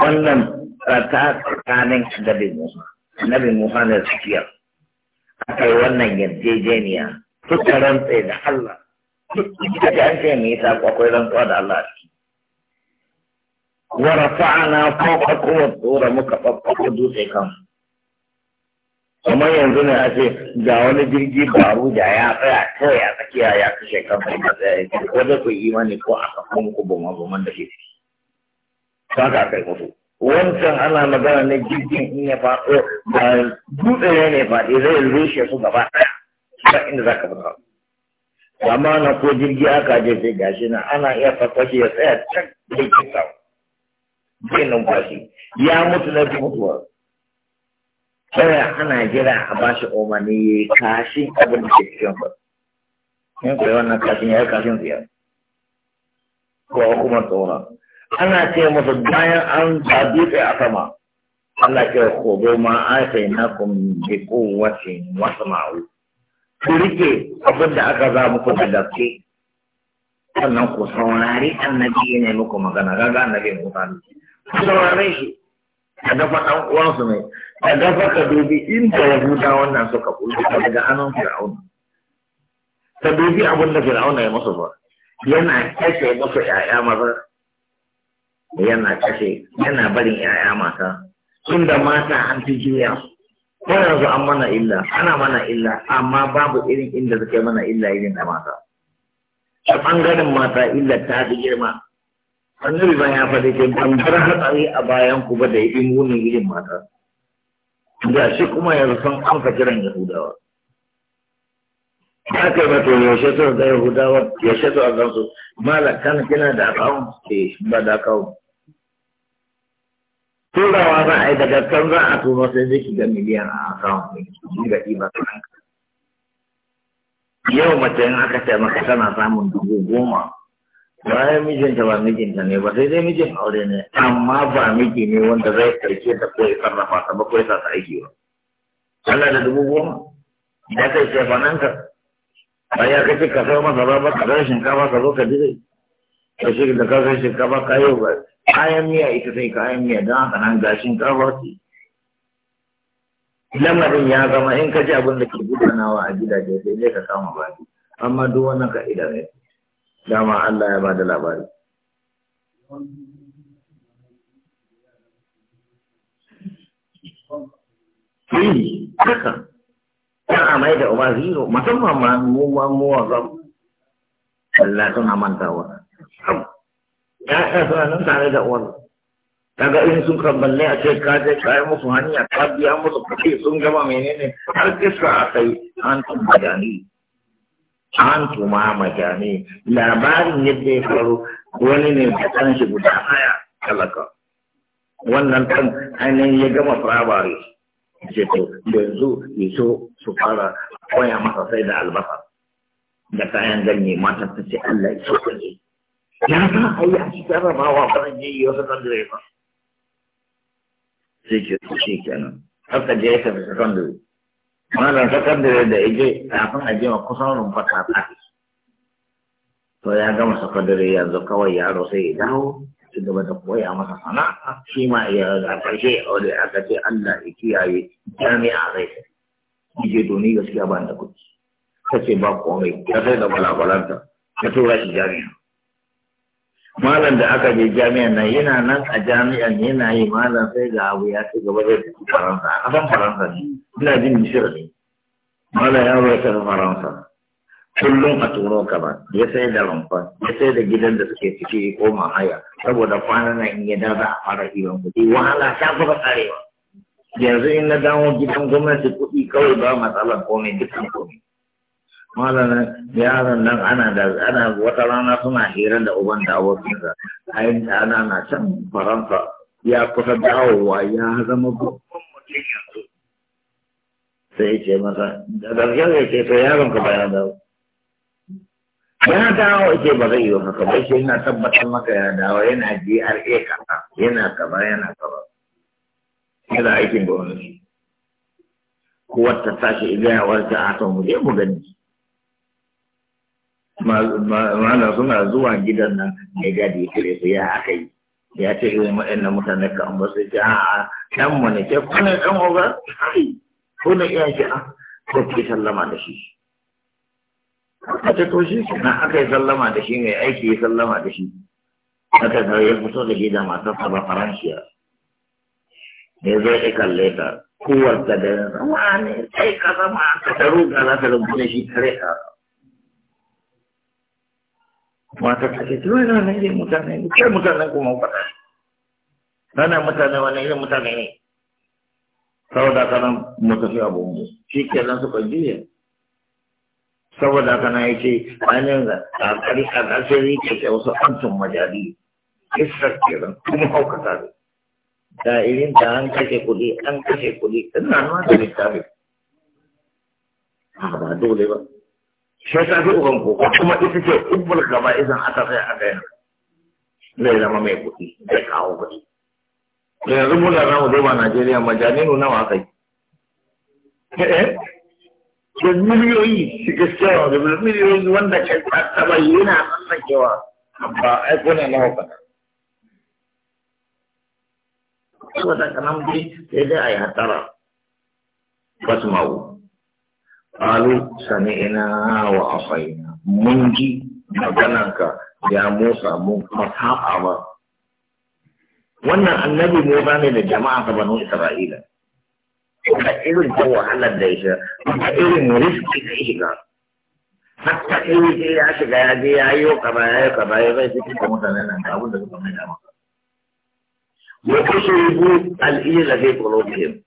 wannan rata tsakanin annabi Musa, annabi Musa na Sikiyar. aka yi wannan yarjejeniya suka rantse da Allah duk da an ce me yasa akwai rantsuwa da Allah wa rafa'ana fawqa quwwat muka faffako dutse kan kamar yanzu ne a ce ga wani jirgi baro da ya tsaya kawai a tsakiya ya kashe kan bai da tsaya ko da ku imani ko a kuma muku boma boman da ke ciki. ga kai mutu. wancan ana magana na jirgin in ya faɗo ba dutse ya ne faɗi eh, zai rushe su gaba ɗaya ba inda za ka fita amma na ko jirgi aka je sai gashi na ana iya farfashe ya tsaya can bai kisa bai numfashi ya mutu na mutuwa tsaya ana jira a bashi umarni ya kashin abin da ke cikin ba in kai wannan kashin ya yi kashin tsiyar ko kuma tsoron ana ce masa bayan an ga dutse a sama Allah ke kobo ma aka na kun bi kowace wasu ma'u ku rike abin da aka za muku da gaske sannan ku saurari annabi ne muku magana gaga annabi muku ta ku saurare shi ka dafa ɗan uwansu ne ka dafa ka dubi inda huta wannan suka kullu, daga hannun fir'auna ka dubi abin da fir'auna ya musu ba yana kashe musu 'ya'ya maza yana kashe yana barin 'ya'ya mata tunda mata an fi juya ko yanzu an mana illa ana mana illa amma babu irin inda suke mana illa irin da mata a ɓangaren mata illa ta fi girma annabi ban ya faɗi ce ban bar hatsari a bayan ku ba da yafi munin irin mata da shi kuma yanzu an amsa kiran yahudawa ta kai mato yaushe su da yahudawa yaushe su a gansu malakan kina da akawun ke eh, ba da akawun turawa za a yi daga kan za a turo sai zai shiga miliyan a akawun ne shi ga ɗiba yau mace in aka ce maka tana samun dubu goma bayan mijinta ba mijinta ne ba sai dai mijin aure ne amma ba miji ne wanda zai karke ta ko ya sarrafa ta ba ko ya sa aiki ba Allah da dubu goma da kai ce fananka ba ya kace ka sai masa ba ba ka rashin shinkafa ka zo ka dire to shi da ka sai shinkafa ka yau ba kayan miya ita sai kayan miya don haka nan gashin karwarki lamarin ya zama in ka ji abin da ke gudanawa a gidaje sai zai ka kama baki amma duk wannan ka ida ne dama Allah ya ba da labari Yi, haka, ‘yan amai da uba zero, musamman ma mu ma mu wa Allah suna mantawa. Abu, ya'ya suna nan tare da uwar daga in sun kamballe a ce ka je ka yi musu hanya ka biya musu kuɗi sun gama menene har kisa a kai an tuma jani an tuma majani labarin yadda ya faru wani ne da kan shi guda haya talaka wannan kan ainihin ya gama firamare ce to yanzu ya so su fara koya masa sai da albasa da kayan ganye mata ta ce Allah ya so ne ya za a yi a ci jarrabawa ba zan yi wasu kandare ba sai ke su shi kenan haka je ya tafi sakandare malam sakandare da ya je kafin a je ma kusan rumfa ta tafi to ya gama sakandare yanzu kawai yaro sai ya dawo ci gaba da koya masa sana'a shi ma ya ga karshe a wani aka ce Allah ya kiyaye jami'a zai je doni gaskiya ba da kuɗi kace ba komai ka sai da balabalanta ka tura shi jami'a malam da aka je jami'an nan yana nan a jami'an yana yi malam sai ga abu ya ci gaba da tafi faransa a kan faransa ne ina jin misir ne malam ya zo ta faransa kullum a turo kaba ya sai da rumfa ya sai da gidan da suke ciki ko ma haya saboda kwanan nan in ya da a fara iya kuɗi wahala ta gaba tsarewa yanzu in na dawo gidan gwamnati kuɗi kawai ba matsalar komai dukkan komai malamin yaron nan ana da ana wata rana suna hira da uban da abokinsa ai ana na can faransa ya kusa dawowa ya zama babban mutum yanzu sai ce masa da gaskiyar ya ce to yaron ka bayan dawo ya dawo ce ba zai yi haka bai ce yana tabbatar maka ya dawo yana dra kasa yana kaza yana kaza yana aikin gwamnati kowace tashi idan ya warke a mu je mu gani mana suna zuwa gidan nan ya gadi kare su ya aka yi ya ce irin waɗannan mutane ka an basu ce a ɗan mu ke kuna ɗan oga ko na iya ce a ko ke sallama da shi a ta to shi na aka yi sallama da shi mai aiki yi sallama da shi aka ta ya fito da gida masu saba faransiya. ne zai yi kalle ta kowar ta da wani sai ka zama ka taru ga za ta rubuta shi kare ka mata ta ce tuwa na nan yin mutane ne kai mutane kuma faɗa rana mutane wani irin mutane ne saboda haka nan mu tafi abun mu shi ke nan suka juya saboda haka si, mana enggak, tadi a si a saya usah ce majadi. Kisah majali kisar kenan kuma haukata ne da irin da an kashe kuɗi an kashe kuɗi ina ma da littafi ba dole ba sai ta fi uban ko kuma ita ce ubbul gaba idan aka sai aka yi zai zama mai kuɗi zai kawo kuɗi da yanzu muna namu dai ba Najeriya majaninu nawa aka yi da eh, eh. miliyoyi shi gaskiya wa da miliyoyi wanda ke taba yana sakewa ba ai kuna ko da kana kanan dai sai dai a yi ba su mawo قالوا سمعنا وعصينا منجي مكانك يا موسى مصحف أبا وانا النبي موسى من الجماعة بنو إسرائيل فإذن هو على الدائشة فإذن رزق دائشة حتى إذن يعشق يا دي أيو قبايا قبايا غيثي كما سنين أنت أبو دائشة وكشفوا الإيه لفي قلوبهم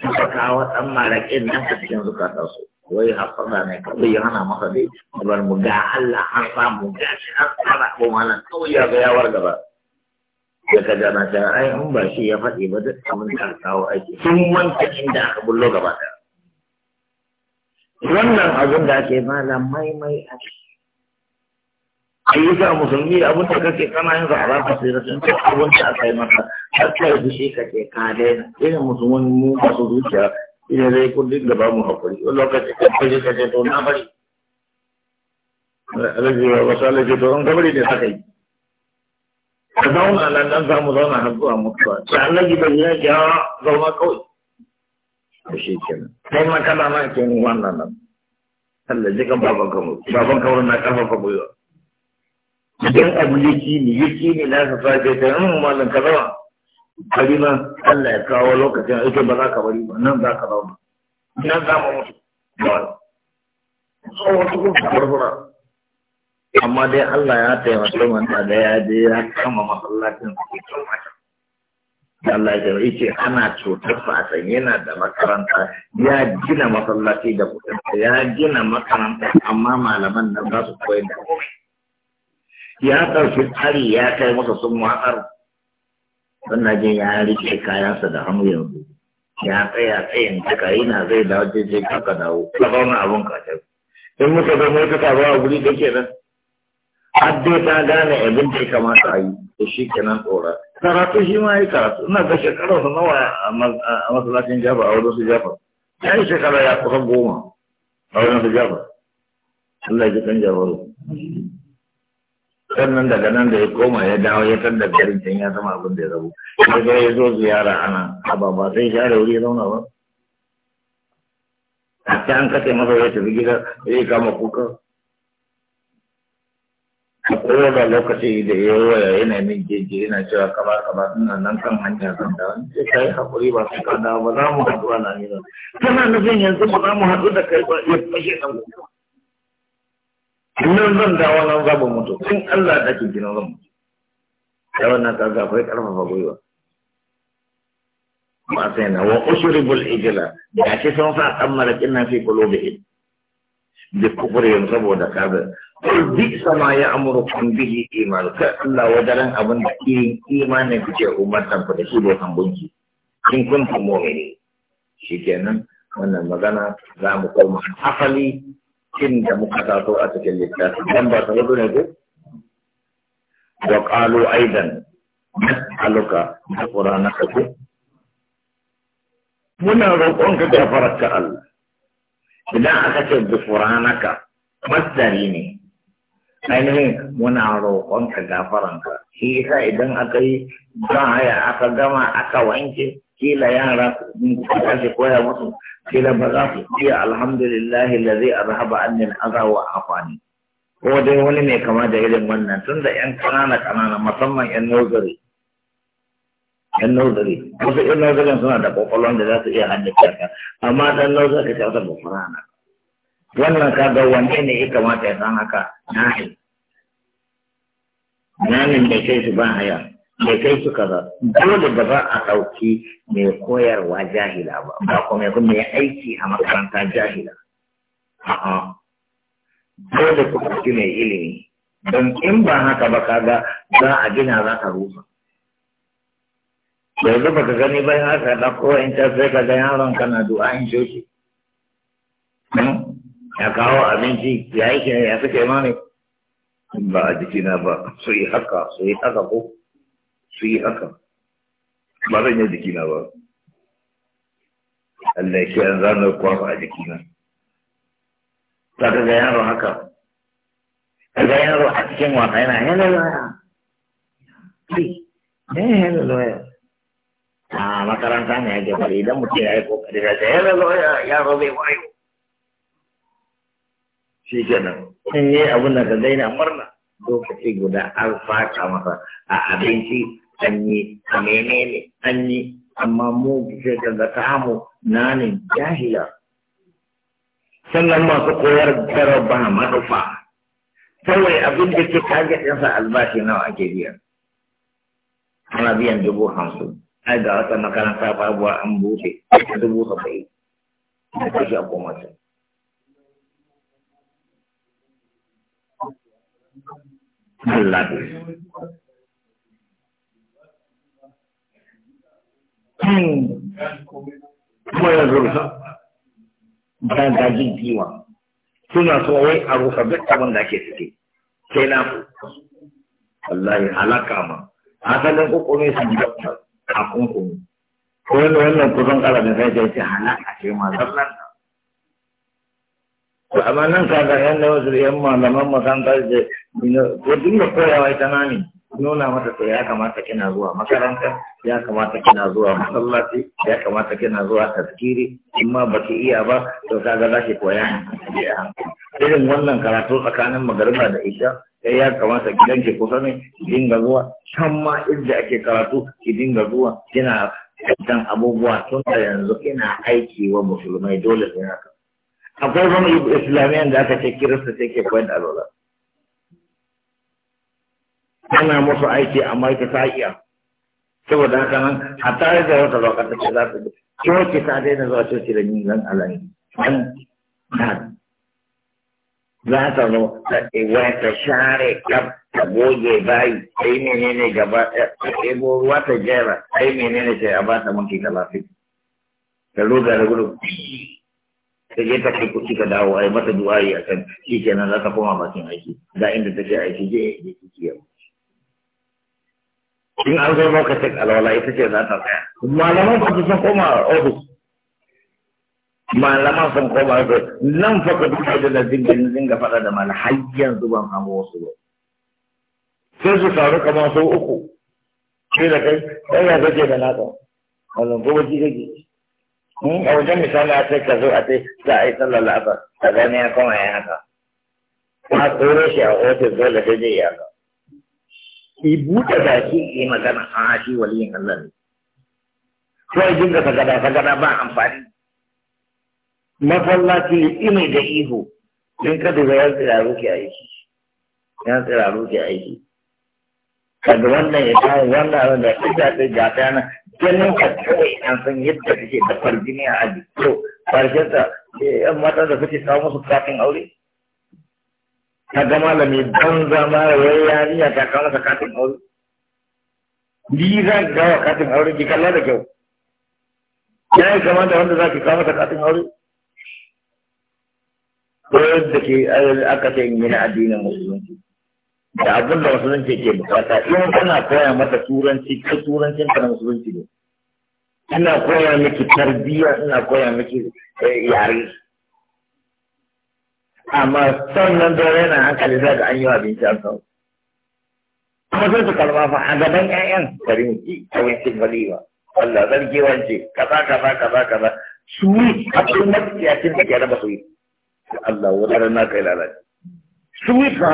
suka kawo ɗan maraƙin nan a cikin zukatansu wai haɓaka ne kawai ya hana masa dai bar mu ga Allah an samu ga shi an tsara ko mana kawai ya ga yawar gaba da ka gana ta ai in ba shi ya faɗi ba duk abin da aka kawo aiki sun wanke inda aka bullo gaba ɗaya wannan abin da ake malam maimai a ciki ayyuka musulmi abin da kake kana yin zara ka sai rashin ko abin da aka yi maka har ka yi shi kake ka daina ina musulmin mu masu zuciya dai zai duk da ba mu hakuri wani lokaci ka fashe ka ce to na bari alaji wa wasu alaji to an kabari ne haka yi ka zauna nan nan za mu zauna har zuwa mutuwa sai alaji bai yi ya zauna kawai to shi nan sai ma kana ma kenan wannan nan Allah jikan baban kamar baban kamar na karfafa gwiwa idan abu yaki ne yaki ne na ka sake ta yin hmm, malam ka zama bari Allah ya kawo lokacin ake ba za ka bari ba nan za ka zama nan za mu mutu tsawon amma dai Allah ya taimaka manta da ya je ya kama masallacin su kyau mata Allah ya ce ana cutar fasa yana da makaranta ya gina masallaci da kudin ya gina makaranta amma malaman nan za su koyar da komai ya ɗauki tsari ya kai masa sun watsar wannan jin ya rike kayansa da hannu yanzu ya tsaya tsayin taka yana zai dawo jeje kanka dawo ka zauna abin kacar in muka zama wata kaba a guri da ke nan har dai ta gane abin da ya kamata a yi da shi nan tsora karatu shi ma ya karatu ina ga shekarar su nawa a masallacin jafa a wajen su jafa ya yi shekara ya kusan goma a wajen su jafa Allah ya ji kan jafaru sannan daga nan da ya koma ya dawo ya tanda garin can ya zama abin da ya zabu daga ya zo ziyara ana haba ba sai share wuri ya zauna ba a ta an kace masa ya tafi gida zai kama kuka a da lokaci da ya waya yana min jeje yana cewa kaba kaba ina nan kan hanya zan da wani sai kai hakuri ba su kada ba za mu haɗu a nan yana tana nufin yanzu ba za mu haɗu da kai ba ya fashe ɗan kuka nan zan dawo nan za mu mutu in Allah da ke gina zan mutu da wannan ga akwai karfafa gwiwa ma sai na wa ushribul ijla ya ce sun sa dan marakin nan fi qulubihi bi kufrin saboda ga kul bi sama ya amurukum bihi iman ka Allah wadaran abin da ke imanin ku ce ummatan ku da shi bokan bunki in kuntum mu'minin shikenan wannan magana za mu koma asali inda muka taso a cikin littafin dan ba ta hudu ne ko wa qalu aidan nas'aluka bi qur'anaka ko muna roƙon ka gafarar ka Allah idan aka ce bi qur'anaka masdari ne ainihin muna roƙonka gafaranka shi yasa idan aka yi don haya aka gama aka wanke kila yara kuka ce koya musu kila ba za su iya alhamdulillahi da zai arhaba annin wa afani ko dai wani mai kama da irin wannan tun da yan kanana kanana musamman yan nursery yan wasu yan nursery suna da kwakwalwan da za su iya hannun ka amma dan nursery ka ta wata na. wannan kaga wanne ne ya kamata ya san haka nahi namin da kai su ba haya da kai su kaza dole da ba a ɗauki mai koyarwa jahila ba ba kuma kuma ya aiki a makaranta jahila a'a dole ku ɗauki mai ilimi don in ba haka ba kaga za a gina za ka rusa yanzu ba ka gani ba haka ɗauko in ta sai ka ga yaron kana du'a in shoshi hmm? ya kawo abinci ya yi shi ya suke ma ne ba a na ba su yi haka su yi haka ko su yi haka ba zan yi na ba Allah shi an zanar kwafa a na ta ga yaro haka ga yaro a cikin wasa yana hello loya. kai eh hello a makaranta ne yake fari idan mutum ya yi kokari da hello loya, yaro bai wayo shi kenan in yi abin da ka daina murna lokaci guda an faka masa a abinci an yi a menene an yi amma mu sai ka ga kamu nanin jahila sannan masu koyar garaba manufa kawai abin da ke kage ɗinsa albashi nawa ake biya ana biyan dubu hamsin ai ga wata makaranta babuwa an bude, dubu saba'in da kashe a komatin Allah hmm. kuma ya zurta ba gajin kiwa suna so wai a duk abin da ake suke sai na ku wallahi halaka ma asalin su a kunkumi ko wannan kusan kala da sai ce halaka ce ma amma nan kaga ga yanda wasu yan malaman makarantar da ko dinga koyawa ita nani nuna mata to ya kamata kina zuwa makaranta ya kamata kina zuwa masallaci ya kamata kina zuwa tafkiri Amma baki ba ki iya ba to kaga za ki koya irin wannan karatu tsakanin magariba da isha sai ya kamata gidan ki kusa ne ki dinga zuwa can ma inda ake karatu ki dinga zuwa kina dan abubuwa tun da yanzu ina aiki wa musulmai dole sai haka akwai zama islamiyyar da aka ce kirista ce ke koyar da alola ana musu aiki amma ita ta iya saboda haka nan a hatta da wata ta ce za su coci ta daina zuwa coci da ni zan alayi an na za ta zo ta ɗewa ta share kaf ta goge bayi Ai yi menene gaba eh, ta ɗebo ruwa ta jera ta yi menene ce a ba ta minti talatin ta lura da gudu da je ta kai kuɗi ka dawo ai mata du'a'i a can shi kenan za ta koma bakin aiki Da inda take aiki je je ki kiyar in an zo maka cek alwala ita ce za ta tsaya malaman fa sun koma ofis malaman sun koma ofis nan fa ka duka da dinga dinga faɗa da mala har yanzu ban samu wasu ba sai su taru kamar sau uku sai da kai sai ya gaje da naka wannan gobe ji gaje in a wajen misali a ka zo a ce za a yi sallar la'asar a gani ya koma ya haka su tsoro shi a ofis dole sai zai ya haka ki buɗe ki yi magana a shi waliyin Allah ne ko ya dinga ta gada ba amfani masallaci ime da ihu don ka ga yan tsiraru ke aiki yan tsiraru ke aiki kada wannan ya kawo wannan abin da ita ta gata na ganin ka kawai an san yadda kake da farjini a aji to karshen ta eh, yan mata da kake kawo musu kafin aure ka ga malami ban zama wai yariya ta kawo masa kafin aure ni za ki kawo kafin aure ki kalla da kyau ya yi kama da wanda za ki kawo masa kafin aure ko yadda ke eh, aka ce yin addinin musulunci da abin da musulunci ke bukata in kana koya mata turanci ta turancin ta na musulunci ne ina koya miki tarbiyya ina koya miki eh, yare amma sannan da yana hankali za ka an yi abinci a kawo kuma sai su kalma fa a gaban 'ya'yan bari mu ci abincin baliwa Allah zargi wance kaza kaza kaza kaza su yi akwai matsiyacin da ke raba su yi Allah wani rana kai lalace su yi fa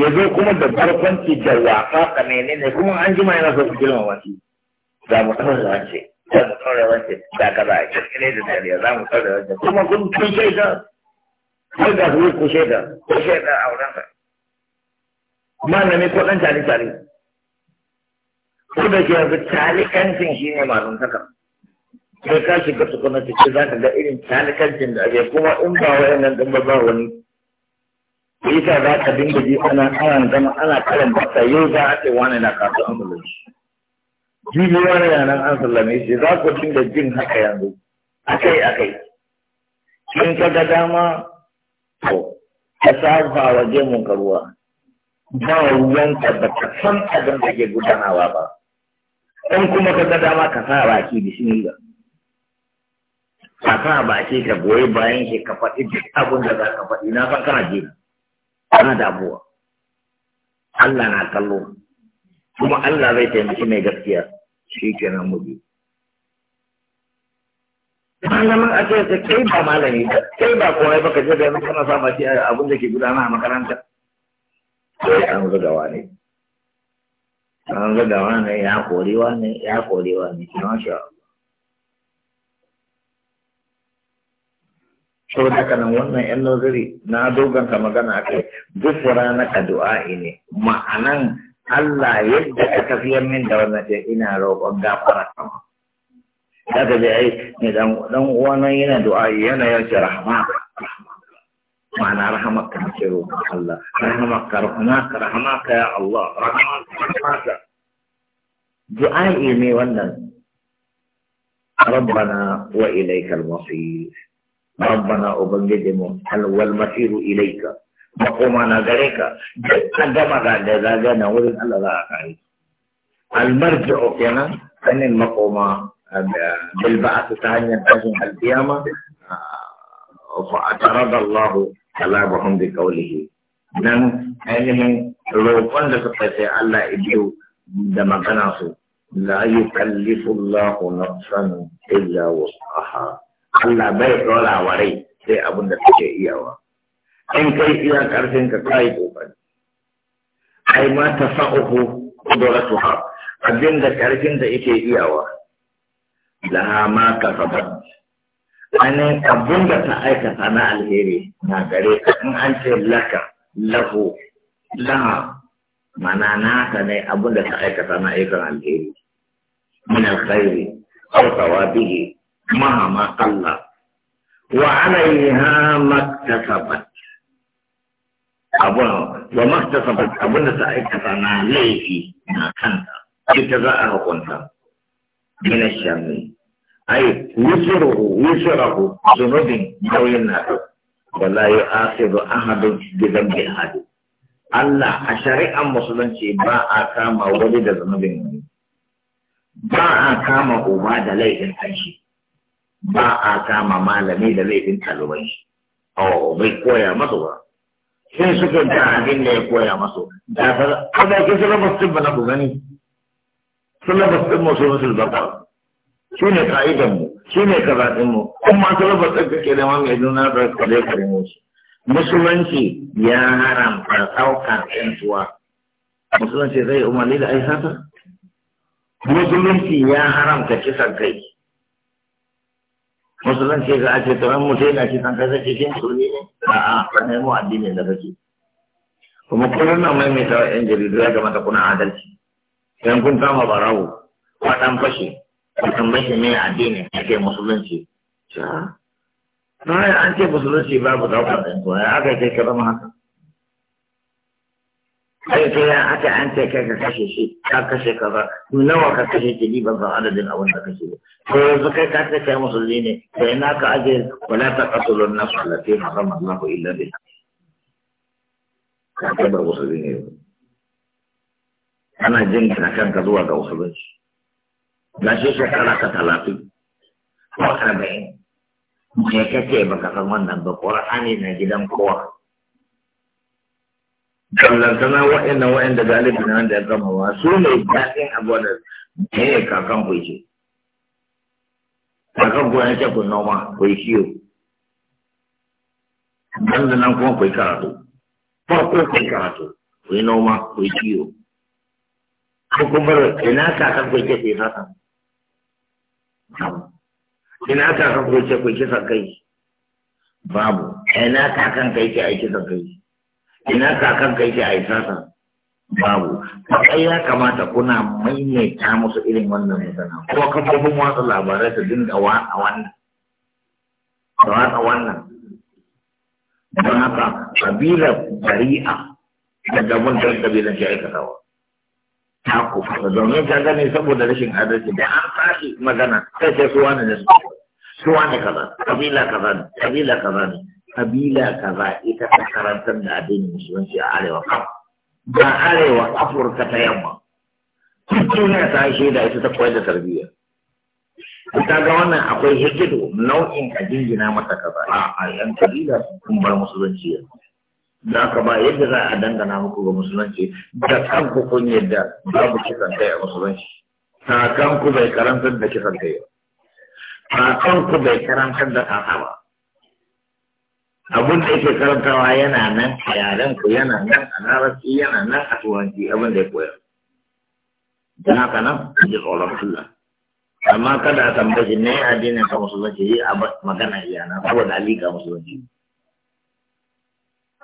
ya zo kuma da barkwanci da wasa da menene kuma an jima yana so su girma wasi za mu ɗaure wance za mu ɗaure wance da za a kirkire da dariya za mu ɗaure wance kuma kun kun shaida kai ga su ku shaida ku shaida a wurin ka malami ko ɗan tare tare ko da ke yanzu talikancin shi ne malum takar sai ka shiga tukuna ciki za ka ga irin talikancin da ake kuma in ba wayannan ɗin ba ba wani Isa za ka dinga ji ana ana zama ana karin bata yau za a ce wani na kasuwan mulki. jibi wani yanan an sallame shi za ku dinga jin haka yanzu akai akai in ka ga dama to ka saba wa gemun karuwa ba ruwanka ba ka san abin da ke gudanawa ba in kuma ka ga dama ka sa baki bismillah ka sa baki ka goyi bayan shi ka faɗi duk abin da za ka faɗi na san kana ji kana damuwa Allah na kallo kuma Allah zai taimaki mai gaskiya shikenan kenan mu bi malamin a ce kai ba malami ba kai ba kowa ba ka je ga kana sa shi abin da ke gudana a makaranta sai an zuga wani an zuga wani ya kori wani ya kori wani ma shi sau da nan wannan yan nazari na doganta magana a kai duk ranar addu'a ne ma'anan Allah yadda ka tafiyar min da wannan ce ina roƙon gafara kama. Za ka ji ai ne dan uwana yana du'a yana yace rahama ma'ana rahamaka nake roƙon Allah rahamaka rahamaka rahamaka ya Allah rahamaka rahamaka du'a ne wannan ربنا وإليك المصير ربنا أبنجدهم المصير إليك makoma na gare ka duk an gama ga da zaga na wurin Allah za a kare o kenan sanin makoma bil ba'ath ta hanyar tashin alkiyama fa atarada Allah bi qawlihi nan ainihin roƙon da suka sai Allah ibiyu da magana su la yukallifu Allah nafsan illa wus'aha Allah bai dora wa sai abin da take iyawa in kai iya karfin ka kai kokari ai ma ta sa'uhu qudratuha abin da karfin da yake iyawa la ma sabab ane abin da ta aikata na alheri na gare ka in an ce laka lahu laha mana naka ne abin da ta aikata na aikin alheri min alkhairi aw ma ma qalla wa alaiha maktasabat abun wa maktasabat abun da ta aikata na laifi na kanta ita za a hukunta min shami ai ay wusruhu wusruhu zunubin nauyin na wala yu'akhidhu ahadun Gidan dhanbi ahad Allah a shari'an musulunci ba a kama wani da zunubin wani ba a kama uba da laifin kanshi ba a kama malami da laifin talibai shi bai koya masa ba sai suka da abin da ya koya masu da fara kada ke syllabus din bana ku gani syllabus din mu suratul baqara shine kaidan mu ne karatun mu kuma syllabus din kake da mamaye duna da kare kare mu musulunci ya haramta ɗaukar ƴantuwa musulunci zai umarni da ai haka musulunci ya haramta kisan kai musulunci ga ake kamar mutum yana cikin kasa cikin turi ne a a wani mu addini da kake kuma kullum na mai mai tawa yan jaridu ya kamata kuna adalci Yan kun kama barawo ko dan fashe ko tambaye shi mai addini ake musulunci ta na an ce musulunci ba daukar ɗan to ya aka kai ka zama haka sai sai ya aka an ce kai ka kashe shi ka kashe ka ba nawa ka kashe ki ni ban san adadin abin da kashe to yanzu kai ka kashe musulmi ne sai na ka aje wala ta qatulu an-nafs allati harama Allahu illa bil ka kai ba musulmi ne ana jin kana kanka zuwa ga musulunci gashi shekara ka talatin ko arba'in kai kace baka san wannan ba qur'ani na gidan kowa na wa'annan wa'anda galibi na da ya gama wa su ne daɗin abu da ne kakan ku ce kakan ku yanke ku noma ku yi kiyo dan da nan kuma ku yi karatu farko ku yi karatu ku yi noma ku yi kiyo ko kuma ina kakan ku ce ku yi ina kakan ku ce ku yi kisan kai babu ina kakan kai ce aiki kisan kai ina kakan kai ke aikata babu kai ya kamata kuna maimaita musu irin wannan magana ko kafofin watsa labarai su dinga watsa wannan da watsa wannan don haka kabilar bari'a da gaban kan kabilar ke aikatawa ta kufa fasa domin ta gane saboda rashin adalci da an tashi magana sai sai suwa ne da suwa ne kaza kabila kaza kabila kaza ne kabila kaza ita ta karantar da addinin musulunci a arewa kaf ba arewa afirka ta yamma duniya ta yi shaida ita ta koyar da tarbiyya ta ga wannan akwai hikido nau'in ka jingina mata kaza a yan kabila sun bar musulunci yanzu da aka ba yadda za a dangana muku ga musulunci da ku kun yadda babu kisan kai a musulunci ku bai karantar da kisan kai ba ku bai karantar da kasa ba abin da yake karantawa yana nan a yaren ku yana nan a larabci yana nan a turanci abin da ya koyar don haka nan ji tsoron Allah amma kada a tambaci ne addinin ka musulunci yi a magana iyana saboda alika musulunci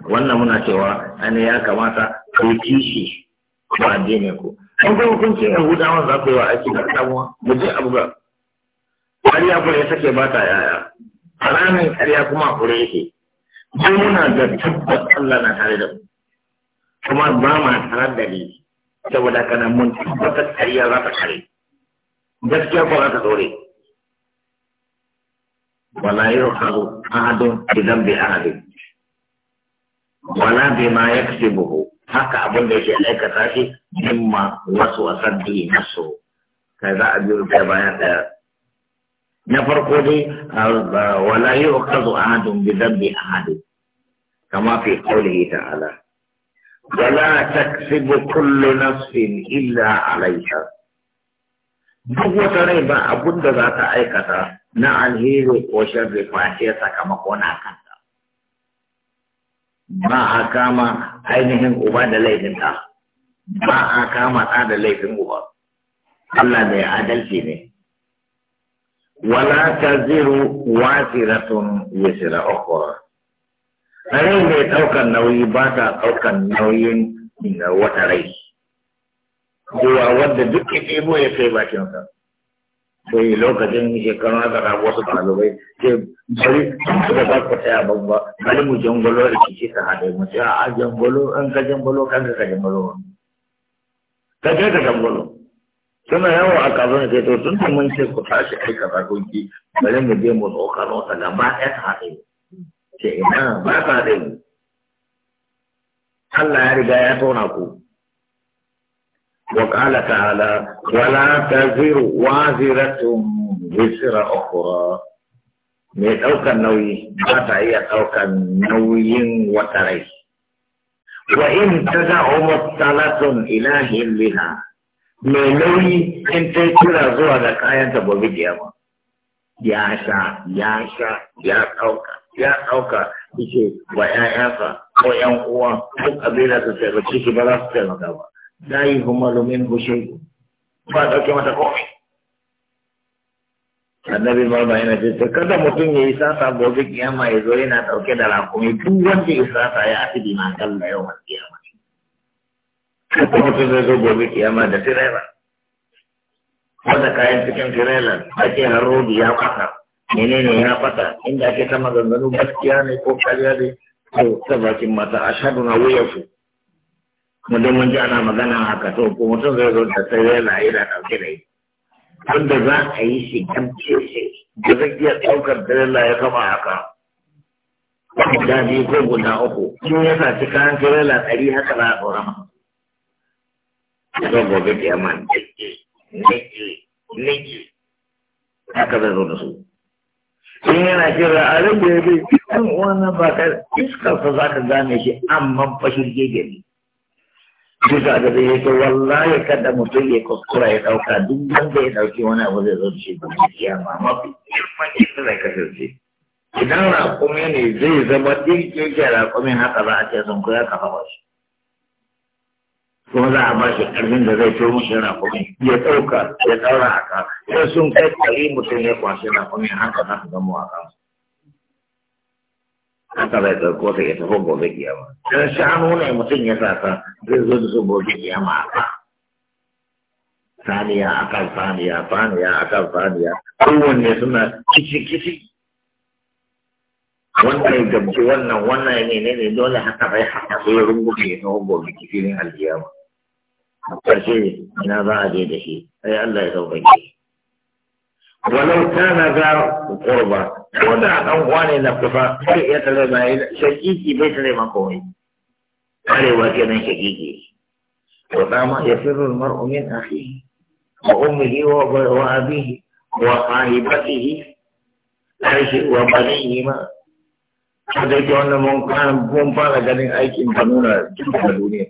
wannan muna cewa an ya kamata ku kishi ko addinin ku an kuma kun ce yahudawa za ku yi wa aiki da samuwa mu je abu ba ƙarya kuma ya sake ba ta yaya ranar ƙarya kuma kure yake sai muna da tabbas Allah na tare da mu kuma ba ma tare da ni saboda kana mun tabbatar kariya za ta kare gaskiya ko za ta dore wala yau yurharu ahadun idan bai ahadin wala bai ma ya buhu haka abin da yake aikata shi jimma wasu wasan bi nasu kai za a biyo kai bayan ɗaya na farko dai wala yi wa kazo ahadun bi zambi ahadun kama fi kaulihi ta'ala wala taksibu kullu nafsin illa alaiha duk wata rai ba abun da za ta aikata na alheri ko sharri face sakamako na kanta ba a kama ainihin uba da ta. ba a kama ɗa da laifin uba Allah mai adalci ne wala taziru wasiratun wisra ukhra rai mai ɗaukar nauyi ba ta ɗaukar nauyin da wata rai kowa wanda duk ya ɗebo ya kai bakinsa sai lokacin shekarun aka rabu wasu ɗalibai sai bari an da ba ku tsaya ban ba bari mu jangolo da kici ta haɗe mu sai a jangolo an ka jangolo kan ka jangolo ka je ka jangolo suna yawo a kafin da to tun da mun ce ku tashi aika kaza gunki bari mu je mu tsokano ta gaba ya ta haɗe ce ina ba ta da mu Allah ya riga ya tona ku wa ta hala. wala ta ziru. wa waziratun wisra okura mai ɗaukan nauyi ba ta iya ɗaukan nauyin wata rai wa in tada'u mutalatun ilahin lina mai nauyi in ta kira zuwa da kayan ta gobe kiyama ya sha ya sha ya ɗauka ya ɗauka yake wa ƴaƴansa ko yan uwa ko kabila su taimaki shi ba za su taimaka ba da yi kuma lumin hushin ba ɗauke mata komai annabi ma yana ce kada mutum ya yi sata gobe kiyama ya zo yana ɗauke da rakumi duk wanda ya sata ya asibi ma kalla yau kiyama Kuma mutum zai zo gobe kiyama da tirela. Wanda kayan cikin tirela, ake har rodi ya fasa, menene ya fasa, inda ake ta maganganu gaskiya ne ko kariya ne, ko ta bakin mata a shaɗu na wuyansu. Mutum mun ji ana magana haka to ko mutum zai zo da tirela yana ɗauke da yi. wanda za a yi shi gamce shi da zai iya ɗaukar tirela ya kama haka guda biyu ko guda uku in ya cikin kayan direla ɗari haka za a ɗora masa zai gobe da kiyama nake nake nake haka zai zo da su in yana kira a rage ya bai ɗan uwan ba ka iskarsa za ka gane shi amma fashin gegeri duka da zai yake wallahi kada mutum ya kuskura ya ɗauka duk wanda ya ɗauki wani abu zai zo da shi gobe kiyama mafi girman yadda zai kasance idan raƙumi ne zai zama ɗin keke raƙumin haka za a ce sun koya ka hawa kuma za a ba shi ƙarfin da zai to mutum yana kuma ya ɗauka ya ɗaura a ka sai sun kai ƙari mutum ya kwashe na kuma haka za su zama a ka haka zai ɗauko ta ya tafi gobe kiyama dan shanu ne mutum ya sa ka zai zo da su gobe kiyama a ka saniya a kan saniya saniya a kan saniya kowanne suna kici kici wannan ya wannan wannan ne ne dole haka bai haka sai rungume ya ko gobe kifilin aljiyama ƙarshe ina za a je da shi sai Allah ya sauƙaƙe walau kana za qurba ko da dan wani na kufa sai ya tare ba shakiki bai tare ma komai arewa kenan shakiki to dama ya firru mar'u min akhihi wa ummihi wa wa abihi wa sahibatihi aishi wa banihi ma da yake wannan mun fara ganin aikin kanuna cikin duniya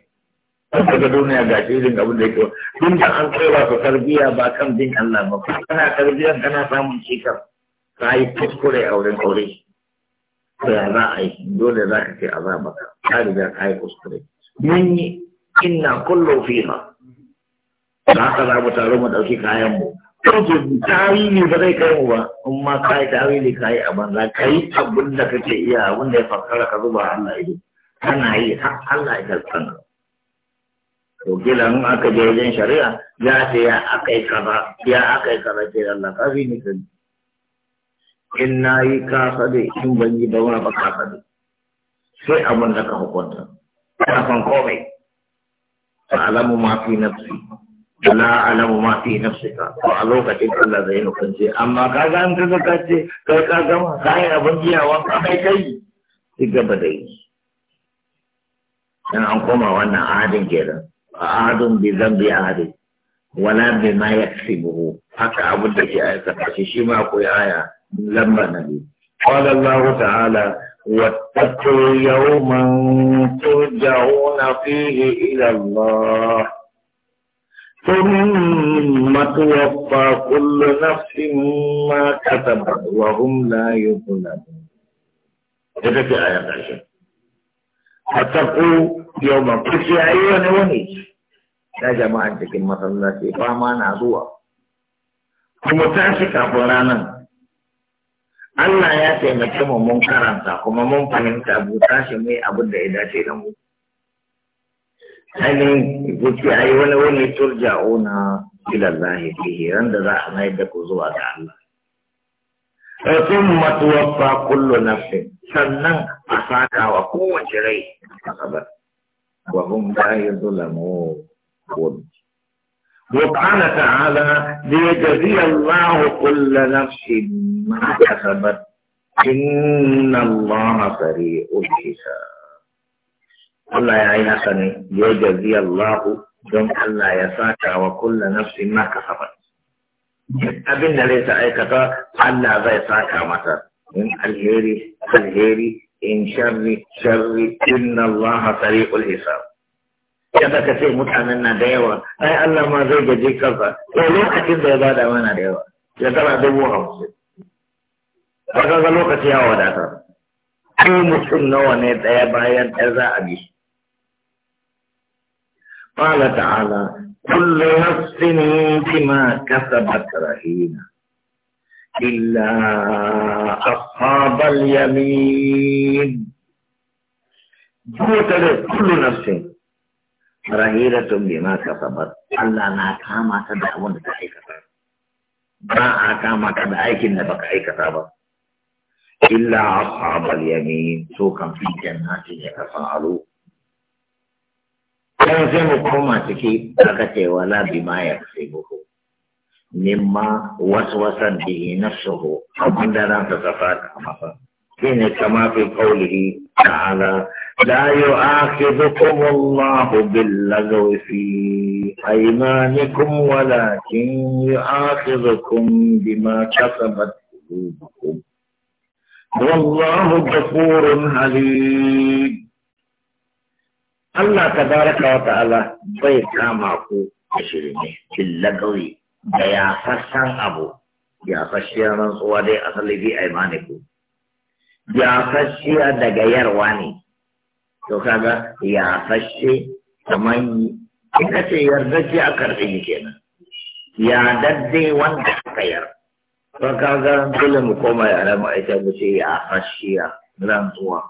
an daga duniya ga shi irin abin da yake tun da an kai ba ka tarbiyya ba kan bin Allah ba kana tarbiyya kana samun cikar ka yi kuskure a wurin aure to ya za a yi dole za ka ce ba ka riga ka yi kuskure mun yi inna kullu fiha za ka za mu taro mu ɗauki kayan mu ɗauki tarihi ba zai kai mu ba in ma ka yi tarihi ka yi a banza ka yi abin da kake iya abin da ya fakara ka zuba Allah ido kana yi har Allah ya karɓa to kila in aka je wajen shari'a ya ce ya aka yi kaza ya aka yi kaza ce Allah ka fi ni sani in na yi kasa da in ban yi ba wani ba kasa da sai abin da ka hukunta ina son komai alamu ma fi nafsi la alamu ma fi nafsika to a lokacin Allah zai hukunce amma ka ga an ka zaka ce kai ka gama ka yi abin jiyawa ka kai kai ci gaba da yi dan an koma wannan adin kenan أعظم بذنب أحد ولا بما يكسبه حتى أبو في آية فشيشيما أقول آية لما نبي قال الله تعالى واتقوا يوما ترجعون فيه إلى الله ثم توفى كل نفس ما كتبت وهم لا يظلمون هذا في آية عشر فاتقوا yau ba ku yi wani wani ta jama'an cikin masallaci fama na zuwa kuma tashi kafin ranar Allah ya taimake mu mun karanta kuma mun fahimta ta tashi mai abin da ya dace da mu ainihin kuke a yi wani wani turja'una ilallahi fihi ran da za a mai da ku zuwa ga Allah ba kullum kullu nafsin sannan a saka wa kowace rai a kabar وهم لا يظلمون وقال تعالى ليجزي الله كل نفس ما كسبت ان الله سريع الحساب الله يا عيني ليجزي الله دم الله يساك وكل نفس ما كسبت أبن ليس أي كتاب الله ذا يساك مثلا من الهيري الهيري إن شر شر إن الله طريق الحساب كذا كثير متعنا لنا أي الله ما زي جدي كذا ولو أكيد ده ده ده وانا ديوة يطلع دبو خمسة فقط ولو كثير هو ده أي مسلم نوع نيت أي بايان أزا أبي قال تعالى كل نفس بما كسبت رهينة إلا أصحاب اليمين الرحيم دوتر كل نفس رهيرة بما كسبت الله نا كاما تدعون تحيكتا ما كاما تدعيكن بك أي كتابة إلا أصحاب اليمين سوكا في جنات يتفاعلوا Yan sai mu koma ciki aka ce wala bima ya fi buhu. Mimma wasu wasan bihi nafsuhu abin da ransa ta fata masa. إن كما في قوله تعالى لا يؤاخذكم الله باللغو في أيمانكم ولكن يؤاخذكم بما كسبت قلوبكم والله غفور حليم الله تبارك وتعالى بيت معكو عشرين باللغو يا فسان أبو يا فشيان صوالي أصلي في أيمانكم yafashiya daga yarwa ne to kaga yafashe kamar in ka ce yarda ce a karɓi ni kenan ya dadde wanda aka yar to kaga dole mu koma ya rama ita mu ce yafashiya rantsuwa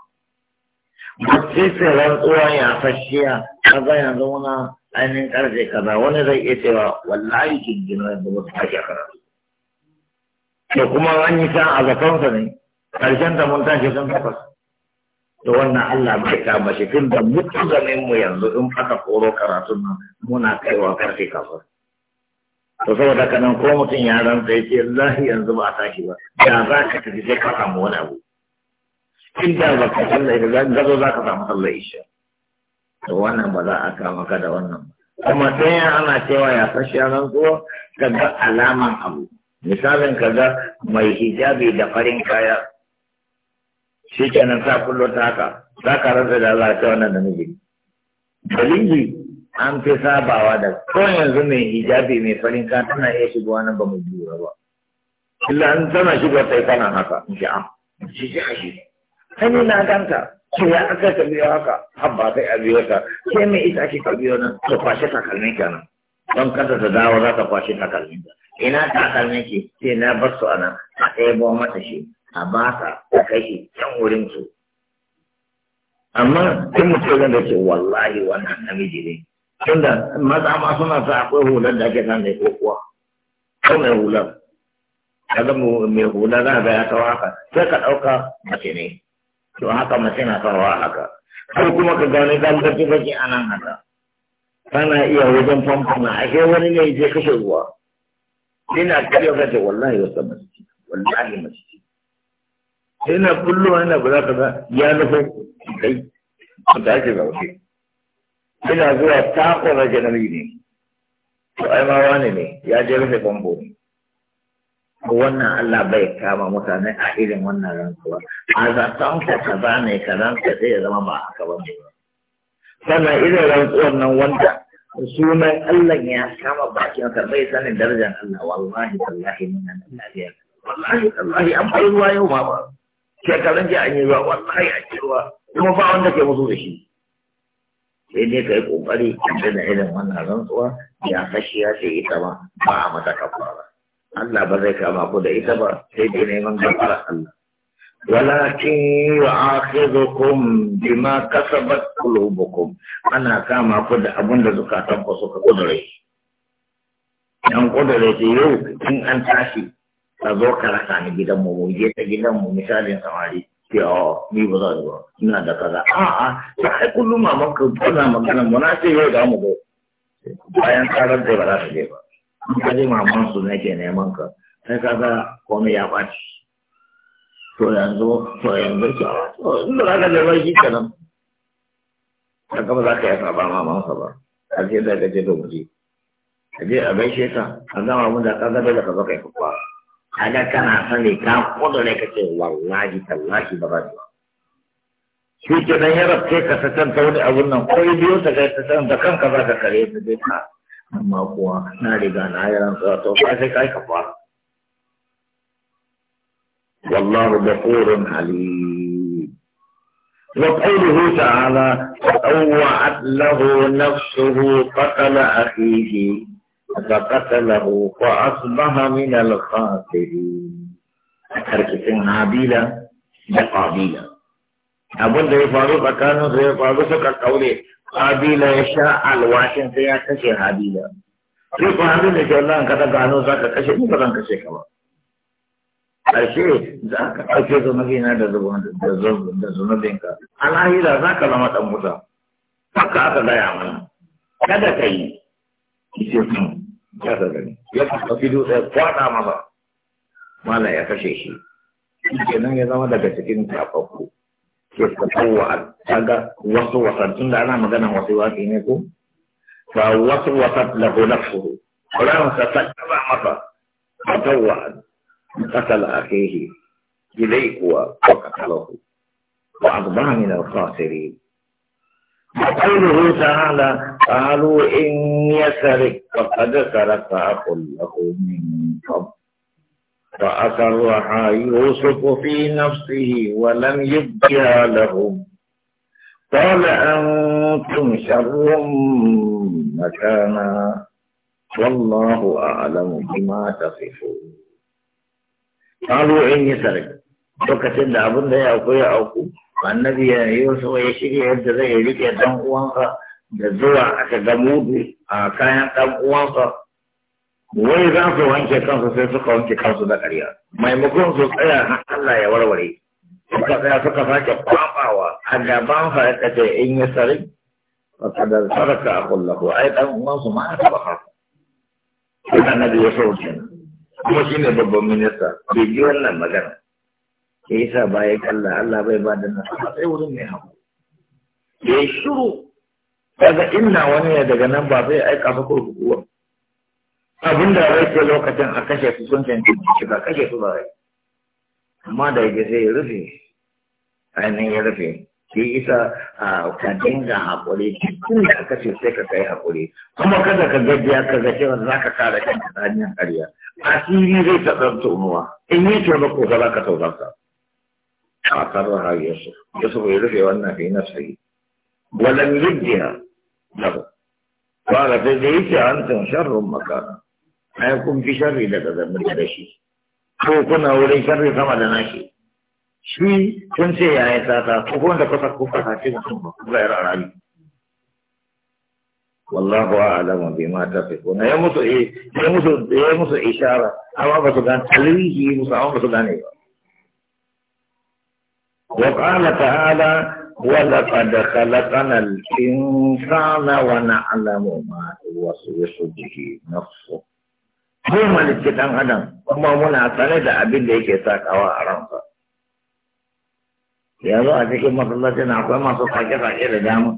mace ce rantsuwa yafashiya kaga yanzu zauna ainihin karfe kaza wani zai iya cewa wallahi kin gina yadda wasu ake karatu to kuma an yi ta a zaton ne karshen ta mun tashi sun takwas to wannan Allah bai kama shi tun da mutu zanen mu yanzu in aka koro karatun nan muna kaiwa karfe kafa. to saboda kanan ko mutum ya ranta ya ce lahi yanzu ba a tashi ba da za ka tafi sai ka samu wani abu Tun da ba ka sallah da gazo za ka samu sallah isha to wannan ba za a kama ka da wannan ba kuma sai ana cewa ya fashi ya zuwa ka ga alaman abu misalin ka ga mai hijabi da farin kaya shi kenan ta kullo ta haka za ka rasa da Allah ta wannan namiji dalili an fi sabawa da ko yanzu mai hijabi mai farin ka tana iya shigowa nan ba mu jura ba illa an tana shigo sai kana haka in ji a shi shi sai ni na ganta ke ya aka ta biyo haka habba kai a biyo ta ke mai ita ake ka biyo nan ta kwashe takalmin kenan don kanta ta dawo za ta kwashe takalmin ina takalmin ke sai na bar su a nan a ɗaya mata shi a ba ta a kashe can wurin su amma mutu mutum da ce wallahi wannan namiji ne tunda maza ma suna sa akwai hular da ake sa mai kuwa ko mai hular kaga mai hular za ga ya kawo haka sai ka ɗauka mace ne to haka mace na kawo haka ko kuma ka gane ka baki baki a nan haka kana iya wajen na ake wani ne je kashe ruwa ina kariya ka ce wallahi masu ciki wallahi ciki yana kullowa yana ba za ka za ya nufin kai da ake zaune yana zuwa takura janari ne to ai ma wani ne ya je rufe bambo ne wannan Allah bai kama mutane a irin wannan rantsuwa a zaton ka kaza ne ka rantsa sai ya zama ba haka ba sannan irin rantsuwar nan wanda sunan Allah ya kama bakin sa bai sanin darajar Allah wallahi tallahi min Allah ya wallahi tallahi an bai ruwa yau ba ba shekarun ji an yi ruwa wallahi a yi ruwa kuma ba wanda ke musu da shi sai dai ka yi kokari da na irin wannan rantsuwa ya kashi ya ce ita ba ba a mata kafara Allah ba zai kama ku da ita ba sai dai neman gafara Allah ولكن يؤاخذكم بما كسبت قلوبكم انا كما قد ابن زكاتكم سوك Dan ان قدره يو ان an تاشي ka zo ka raka ni gidan mu mu je ta gidan mu misalin samari ce a oh, ni ba za ba ina da kaza a a ta kai kullum maman ka kuna magana mu na ce yau da mu go bayan karar da ba za ta je ba in ka je maman su nake neman ka sai ka ga komai ya ɓaci to yanzu to yanzu ka oh, ina da ka je ba shi kenan ka gaba za ka yi saba mamansa ba a ce da ka je da wuri A je a gaishe ka a zama mun da ka ga da ka zo kai kuka kaga kana sani ka kudure ka ce wallahi tallahi ba zan ba shi ke dan ya rabce ka ta wani abun nan ko biyo ta kai ta Da kanka za ka kare ta dai ka amma kuwa na riga na yi rantsuwa to ka sai kai ka fara wallahu ghafurun halim wa qawluhu ta'ala tawwa'at lahu nafsuhu qatala akhihi فقتله فأصبح من الخاسرين حركتين عابيلة بقابيلة أبن ذي فاروق كان ذي فاروق كقوله قابيلة يشاء الواشن فيها كشي عابيلة ذي فاروق إن شاء الله أنك تقانو ذاك كشي مبغن كشي كما أشي ذاك أشي ذو مكينة دزبون دزبون دزبون دينك أنا هي ذاك لما تموتا فكاك دايما كذا كي يصير ya ta gani ya ɗauki dutse kwaɗa masa mala ya kashe shi shi kenan ya zama daga cikin tafafku ke a ga wasu wasan da ana magana wasu wasi ne ko Ba wasu wasan lahu nafsuhu ransa ta kaba masa fitowa قتل أخيه إليه وقتله وأصبح من الخاسرين قوله تعالى قالوا إن يسرق فقد سرق أخ له من قبل فأسرها يوسف في نفسه ولم يبدها لهم قال أنتم شر مكانا والله أعلم بما تصفون قالوا إن يسرق lokacin da abin da ya auku ya auku annabi ya yusuf ya shirya yadda zai rike dan uwansa da zuwa aka ga mudu a kayan dan uwansa wai za su wanke kansu sai suka wanke kansu da ƙarya maimakon su tsaya har Allah ya warware suka tsaya suka sake kwafawa a gaban sa ya ce in yi sarai dan uwansu ma أيضا الله haka أصبح إذا النبي يسوع kuma shine babban minista bai ji wannan magana. ya yi sa baya kalla Allah bai ba da nasara sai wurin mai hau ya yi shiru daga inna wani ya daga nan ba zai aika ba ko hukuwa abin da zai ce lokacin a kashe su sun shi ba kashe su ba zai. amma da yake sai ya rufe ainihin ya rufe ke isa a ka dinga haƙuri tun da aka ce sai ka kai haƙuri kuma kada ka gajiya ka ga cewa za ka kare kanka ta hanyar ƙarya asiri zai ta ɗan in yi ce ba ko za ka tauransa أقرها يوسف يوسف يرفع وانا في نفسه ولم يجها له قال فزيت أنتم شر مكانا fi في شر لك ذنب shi. ko kuna wurin sharri sama da nashi shi kun ce ya yi tata ko kun da kusa kuka ta ce sun ba ku zai rarari wallahu a'lamu bima tafiquna ya ta ya musu ishara ba su gane musu وقال تعالى ولقد خلقنا الإنسان ونعلم ما توسوس به نفسه mu malice dan adam kuma muna sane da abin da yake sakawa a ransa yanzu a cikin masallacin akwai masu sake-sake da dama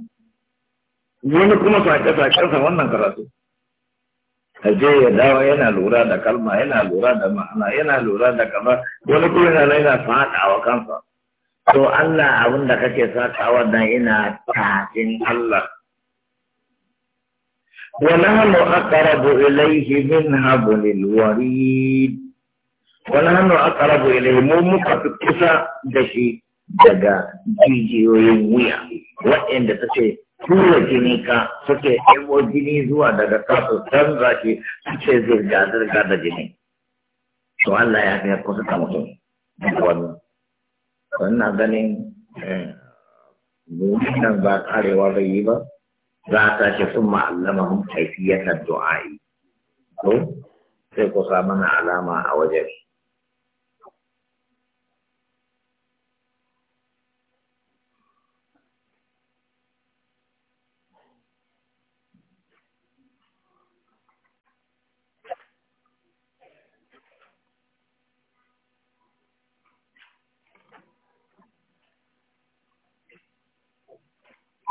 wani kuma sake-sakensa wannan karatu Aje ya dawa yana lura da kalma yana lura da ma'ana yana lura da kaza wani kuma yana yana fada wa kansa To Allah abin da kake sakawa da ina tafin Allah. ونحن أقرب إليه من حبل الوريد mu أقرب fi kusa da shi daga jijiyoyin wuya waɗanda ta ce tura jini ka suke ɗebo jini zuwa daga kasu canza shi suke zirga-zirga da jini. To Allah ya fi kusa ta mutum. wannan ganin domin eh, nan ba karewa bai yi ba za a tashi sun ma'allama hun kaifiyatar du'a'i to sai ku sa mana alama a wajen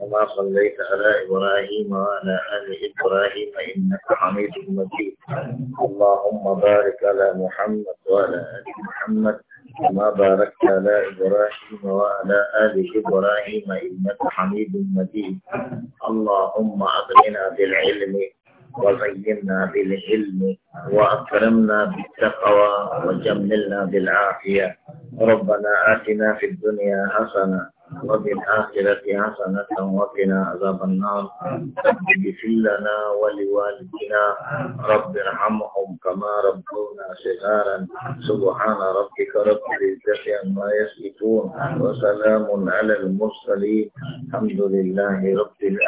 كما صليت على إبراهيم وعلى آل إبراهيم إنك حميد مجيد اللهم بارك على محمد وعلى آل محمد كما باركت على إبراهيم وعلى آل إبراهيم إنك حميد مجيد اللهم أغننا بالعلم وزينا بالعلم وأكرمنا بالتقوى وجملنا بالعافية ربنا آتنا في الدنيا حسنة وبالآخرة حسنة وقنا عذاب النار اغفر لنا ولوالدنا رب ارحمهم كما ربونا صغارا سبحان ربك رب العزة عما يصفون وسلام على المرسلين الحمد لله رب العالمين